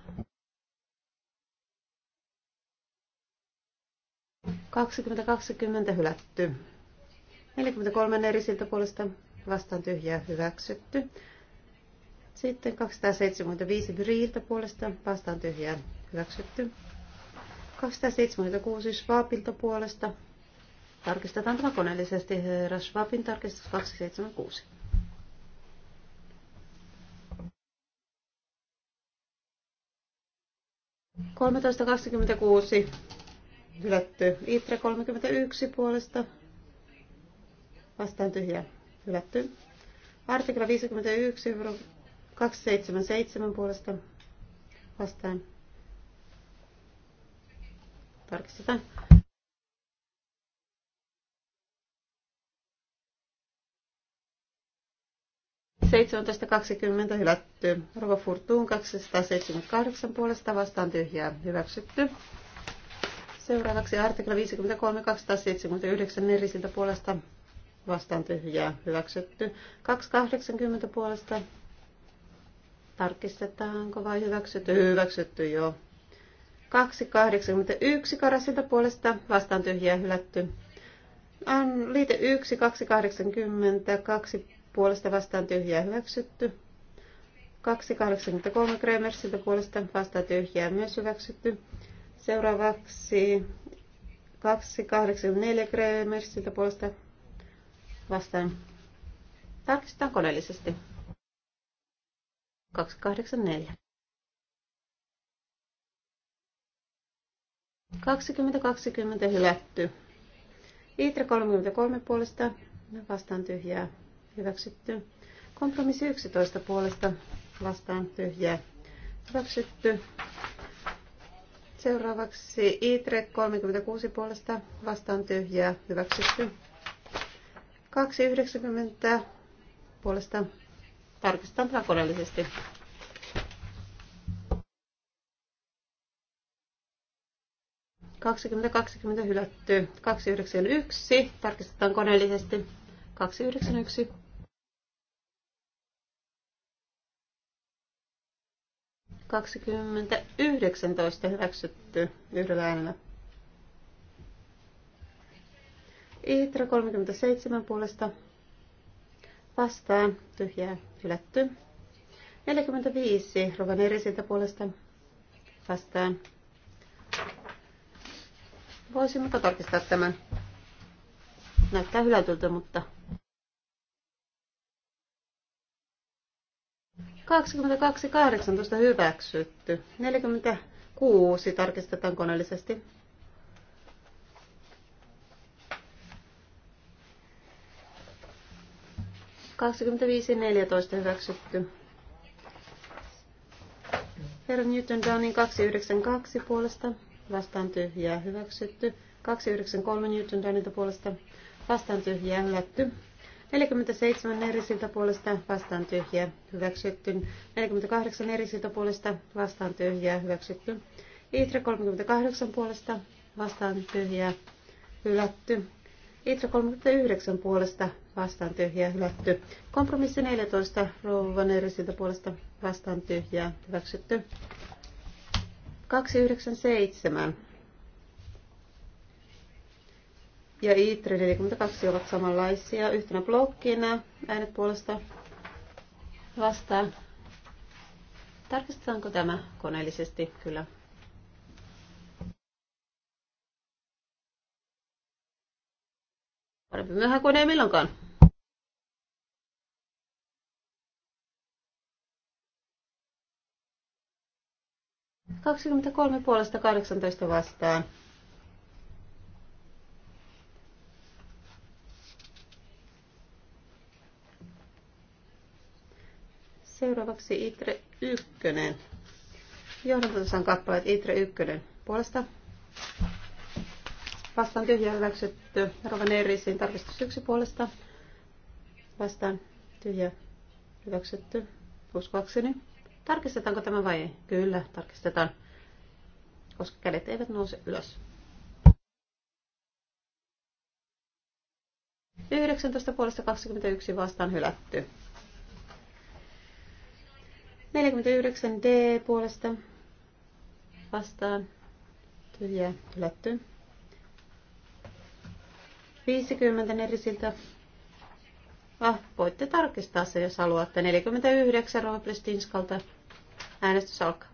2020 hylätty. 43 eri siltä puolesta vastaan tyhjää hyväksytty. Sitten 275 Briiltä puolesta vastaan tyhjää hyväksytty. 276 Schwabilta puolesta. Tarkistetaan tämä koneellisesti. Herra Schwabin tarkistus 276. Kolmetoista kaksikymmentäkuusi hylätty. Itre 31 puolesta. Vastaan tyhjä Hylätty. Artikla 51, 277 puolesta vastaan. Tarkistetaan. kaksikymmentä hylätty. Rova Furtuun 278 puolesta vastaan tyhjää hyväksytty. Seuraavaksi artikla 53 279 nerisiltä puolesta vastaan tyhjää hyväksytty. 280 puolesta tarkistetaanko vai hyväksytty? Hyväksytty joo. 281 karasilta puolesta vastaan tyhjää hylätty. On Liite 1, 280, 2 puolesta vastaan tyhjää hyväksytty. 283 Kremersiltä puolesta vastaan tyhjää myös hyväksytty. Seuraavaksi 284 Kremersiltä puolesta vastaan. Tarkistetaan koneellisesti. 284. 2020 hylätty. Iitra 33 puolesta vastaan tyhjää hyväksytty. Kompromissi 11 puolesta vastaan tyhjää hyväksytty. Seuraavaksi Itre 36 puolesta vastaan tyhjää hyväksytty. 2,90 puolesta tarkistetaan tämä Kaksikymmentä, kaksikymmentä hylätty. 291. Tarkistetaan koneellisesti. 291. Kaksikymmentä yhdeksäntoista hyväksytty yhdellä äänellä. Iitra 37 puolesta vastaan tyhjää hylätty. 45 Rovanierisiltä puolesta vastaan. Voisimmeko tarkistaa tämän? Näyttää hylätyltä, mutta 22.18 hyväksytty. 46 tarkistetaan koneellisesti. 25.14 hyväksytty. Herra Newton Downin 292 puolesta vastaan tyhjää hyväksytty. 293 Newton Downilta puolesta vastaan tyhjää hylätty. 47 erisiltä puolesta vastaan tyhjää hyväksytty. 48 erisiltä puolesta vastaan tyhjää hyväksytty. Itre 38 puolesta vastaan tyhjää hylätty. Itse 39 puolesta vastaan tyhjää hylätty. Kompromissi 14 Rouvaneerisiltä puolesta vastaan tyhjää hyväksytty. 297 ja ITRE 42 ovat samanlaisia yhtenä blokkina. Äänet puolesta vastaan. Tarkistetaanko tämä koneellisesti? Kyllä Parempi myöhään kuin ei milloinkaan. Kaksikymmentäkolme puolesta kahdeksantoista vastaan. Seuraavaksi Itre Ykkönen. Johdantotasan kappaleet Itre Ykkönen puolesta vastaan tyhjää hyväksytty. Rovanerisin tarkistus yksi puolesta vastaan tyhjä hyväksytty. Uskoakseni. Niin tarkistetaanko tämä vai ei? Kyllä, tarkistetaan, koska kädet eivät nouse ylös. 19 puolesta 21 vastaan hylätty. 49 D puolesta vastaan tyhjä hylätty. 50 nerisiltä. Ah, voitte tarkistaa se, jos haluatte. 49 Rova Pristinskalta. Äänestys alkaa.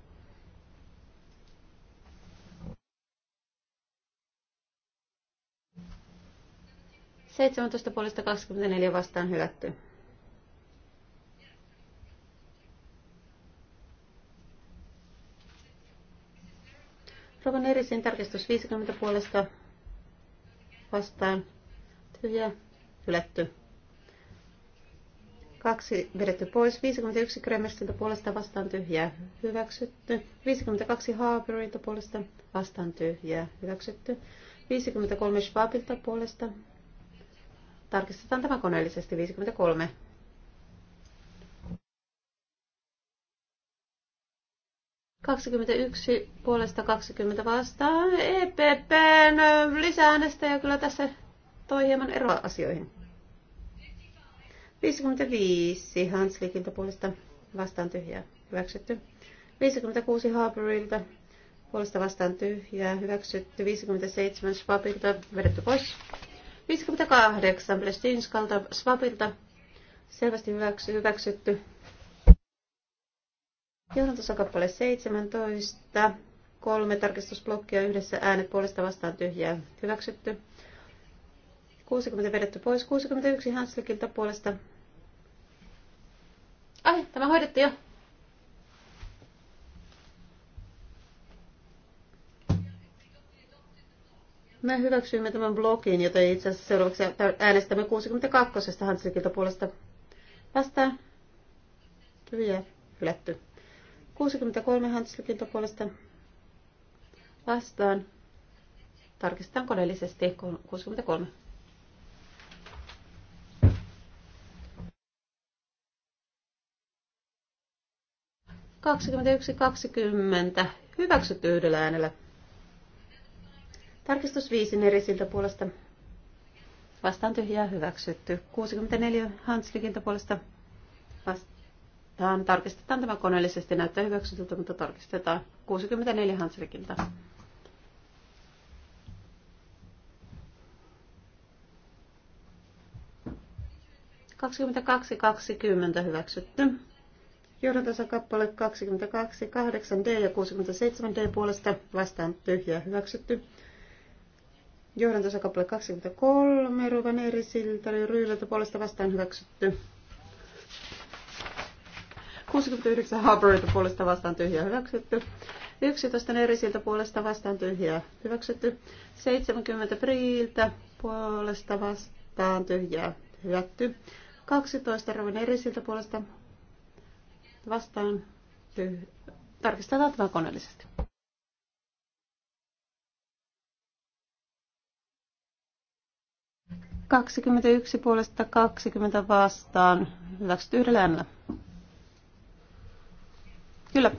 Seitsemäntoista puolesta 24 vastaan hylätty. Rovan erisin tarkistus 50 puolesta vastaan tyhjä, hylätty. Kaksi vedetty pois, 51 Kremerstiltä puolesta vastaan tyhjää, hyväksytty. 52 Haaberilta puolesta vastaan tyhjää, hyväksytty. 53 Schwabilta puolesta. Tarkistetaan tämä koneellisesti, 53. yksi puolesta kaksikymmentä vastaan. EPPn lisääänestäjä kyllä tässä toi hieman eroa asioihin. 55 Hanslikilta puolesta vastaan tyhjää hyväksytty. 56 Harperilta puolesta vastaan tyhjää hyväksytty. 57 Schwabilta vedetty pois. 58 Blestinskalta Schwabilta selvästi hyväksy, hyväksytty. Johdantosakappale 17. Kolme tarkistusblokkia yhdessä äänet puolesta vastaan tyhjää hyväksytty. 60 vedetty pois. 61 Hanslikilta puolesta. Ai, tämä hoidettiin jo. Me hyväksyimme tämän blogin, joten itse asiassa seuraavaksi äänestämme 62. Hanslikilta puolesta. Vastaan. Tyhjä. Hylätty. 63 Hanslikilta puolesta. Vastaan. Tarkistetaan koneellisesti 63. 21.20 hyväksytty yhdellä äänellä. Tarkistus 5 Nerisiltä puolesta. Vastaan tyhjää hyväksytty. 64 Hanslikilta puolesta. Vastaan tarkistetaan tämä koneellisesti. Näyttää hyväksytyltä, mutta tarkistetaan. 64 Kaksikymmentä kaksi kaksikymmentä hyväksytty. Johdantansa kappale 22, 8D ja 67D puolesta vastaan tyhjää hyväksytty. Johdantansa kappale 23, Ruvan eri siltä ryyliltä puolesta vastaan hyväksytty. 69 Harborilta puolesta vastaan tyhjää hyväksytty. 11 Nerisiltä puolesta vastaan tyhjää hyväksytty. 70 Priiltä puolesta vastaan tyhjää hyväksytty. 12 eri Erisiltä puolesta vastaan Tarkistetaan tämä koneellisesti. Kaksikymmentäyksi puolesta 20 vastaan. Hyväksyt yhdellä äänellä. Kyllä.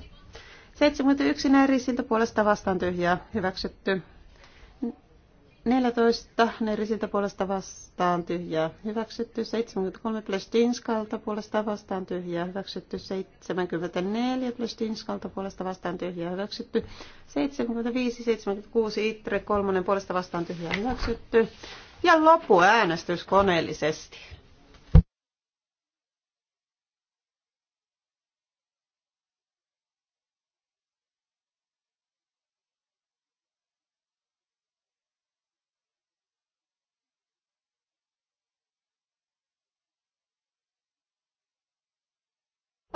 71 näin puolesta vastaan tyhjää. Hyväksytty. 14 Nerisiltä puolesta vastaan tyhjää hyväksytty, 73 Plestinskalta puolesta vastaan tyhjää hyväksytty, 74 Plestinskalta puolesta vastaan tyhjää hyväksytty, 75, 76 Itre kolmonen puolesta vastaan tyhjää hyväksytty ja loppu äänestys koneellisesti.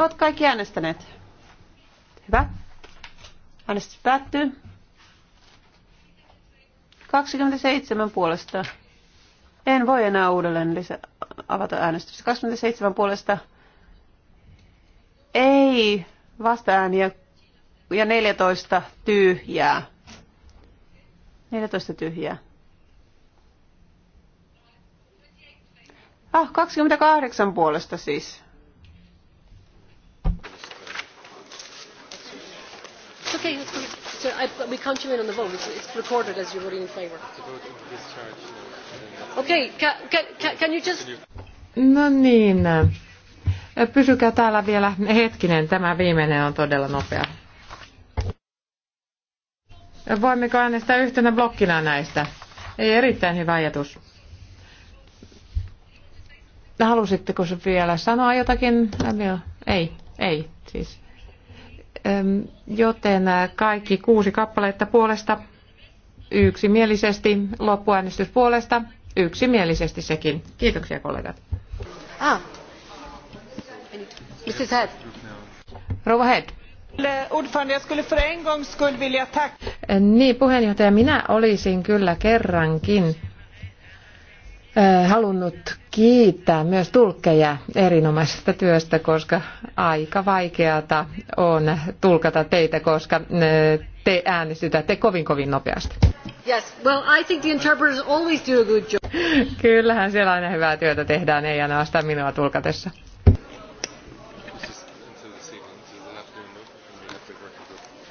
Ovat kaikki äänestäneet. Hyvä. Äänestys päättyy. 27 puolesta. En voi enää uudelleen lisä- avata äänestystä. 27 puolesta. Ei vastaääniä ja 14 tyhjää. 14 tyhjää. Ah, 28 puolesta siis. I, we count you in on the vote. It's, it's recorded as you're voting in favour. Okei, okay, can, can, can you just... No niin. Pysykää täällä vielä hetkinen. Tämä viimeinen on todella nopea. Voimmeko äänestää yhtenä blokkina näistä? Ei erittäin hyvä ajatus. Halusitteko se vielä sanoa jotakin? Ei, ei, siis Joten kaikki kuusi kappaletta puolesta yksimielisesti, loppuäänestys puolesta yksimielisesti sekin. Kiitoksia kollegat. Ah. Mrs. Head. Rouva Head. Niin, puheenjohtaja, minä olisin kyllä kerrankin halunnut kiittää myös tulkkeja erinomaisesta työstä, koska aika vaikeata on tulkata teitä, koska te äänestytätte kovin kovin nopeasti. Yes, well I think the interpreters always do a good job. Kyllähän siellä aina hyvää työtä tehdään, ei ainoastaan minua tulkatessa.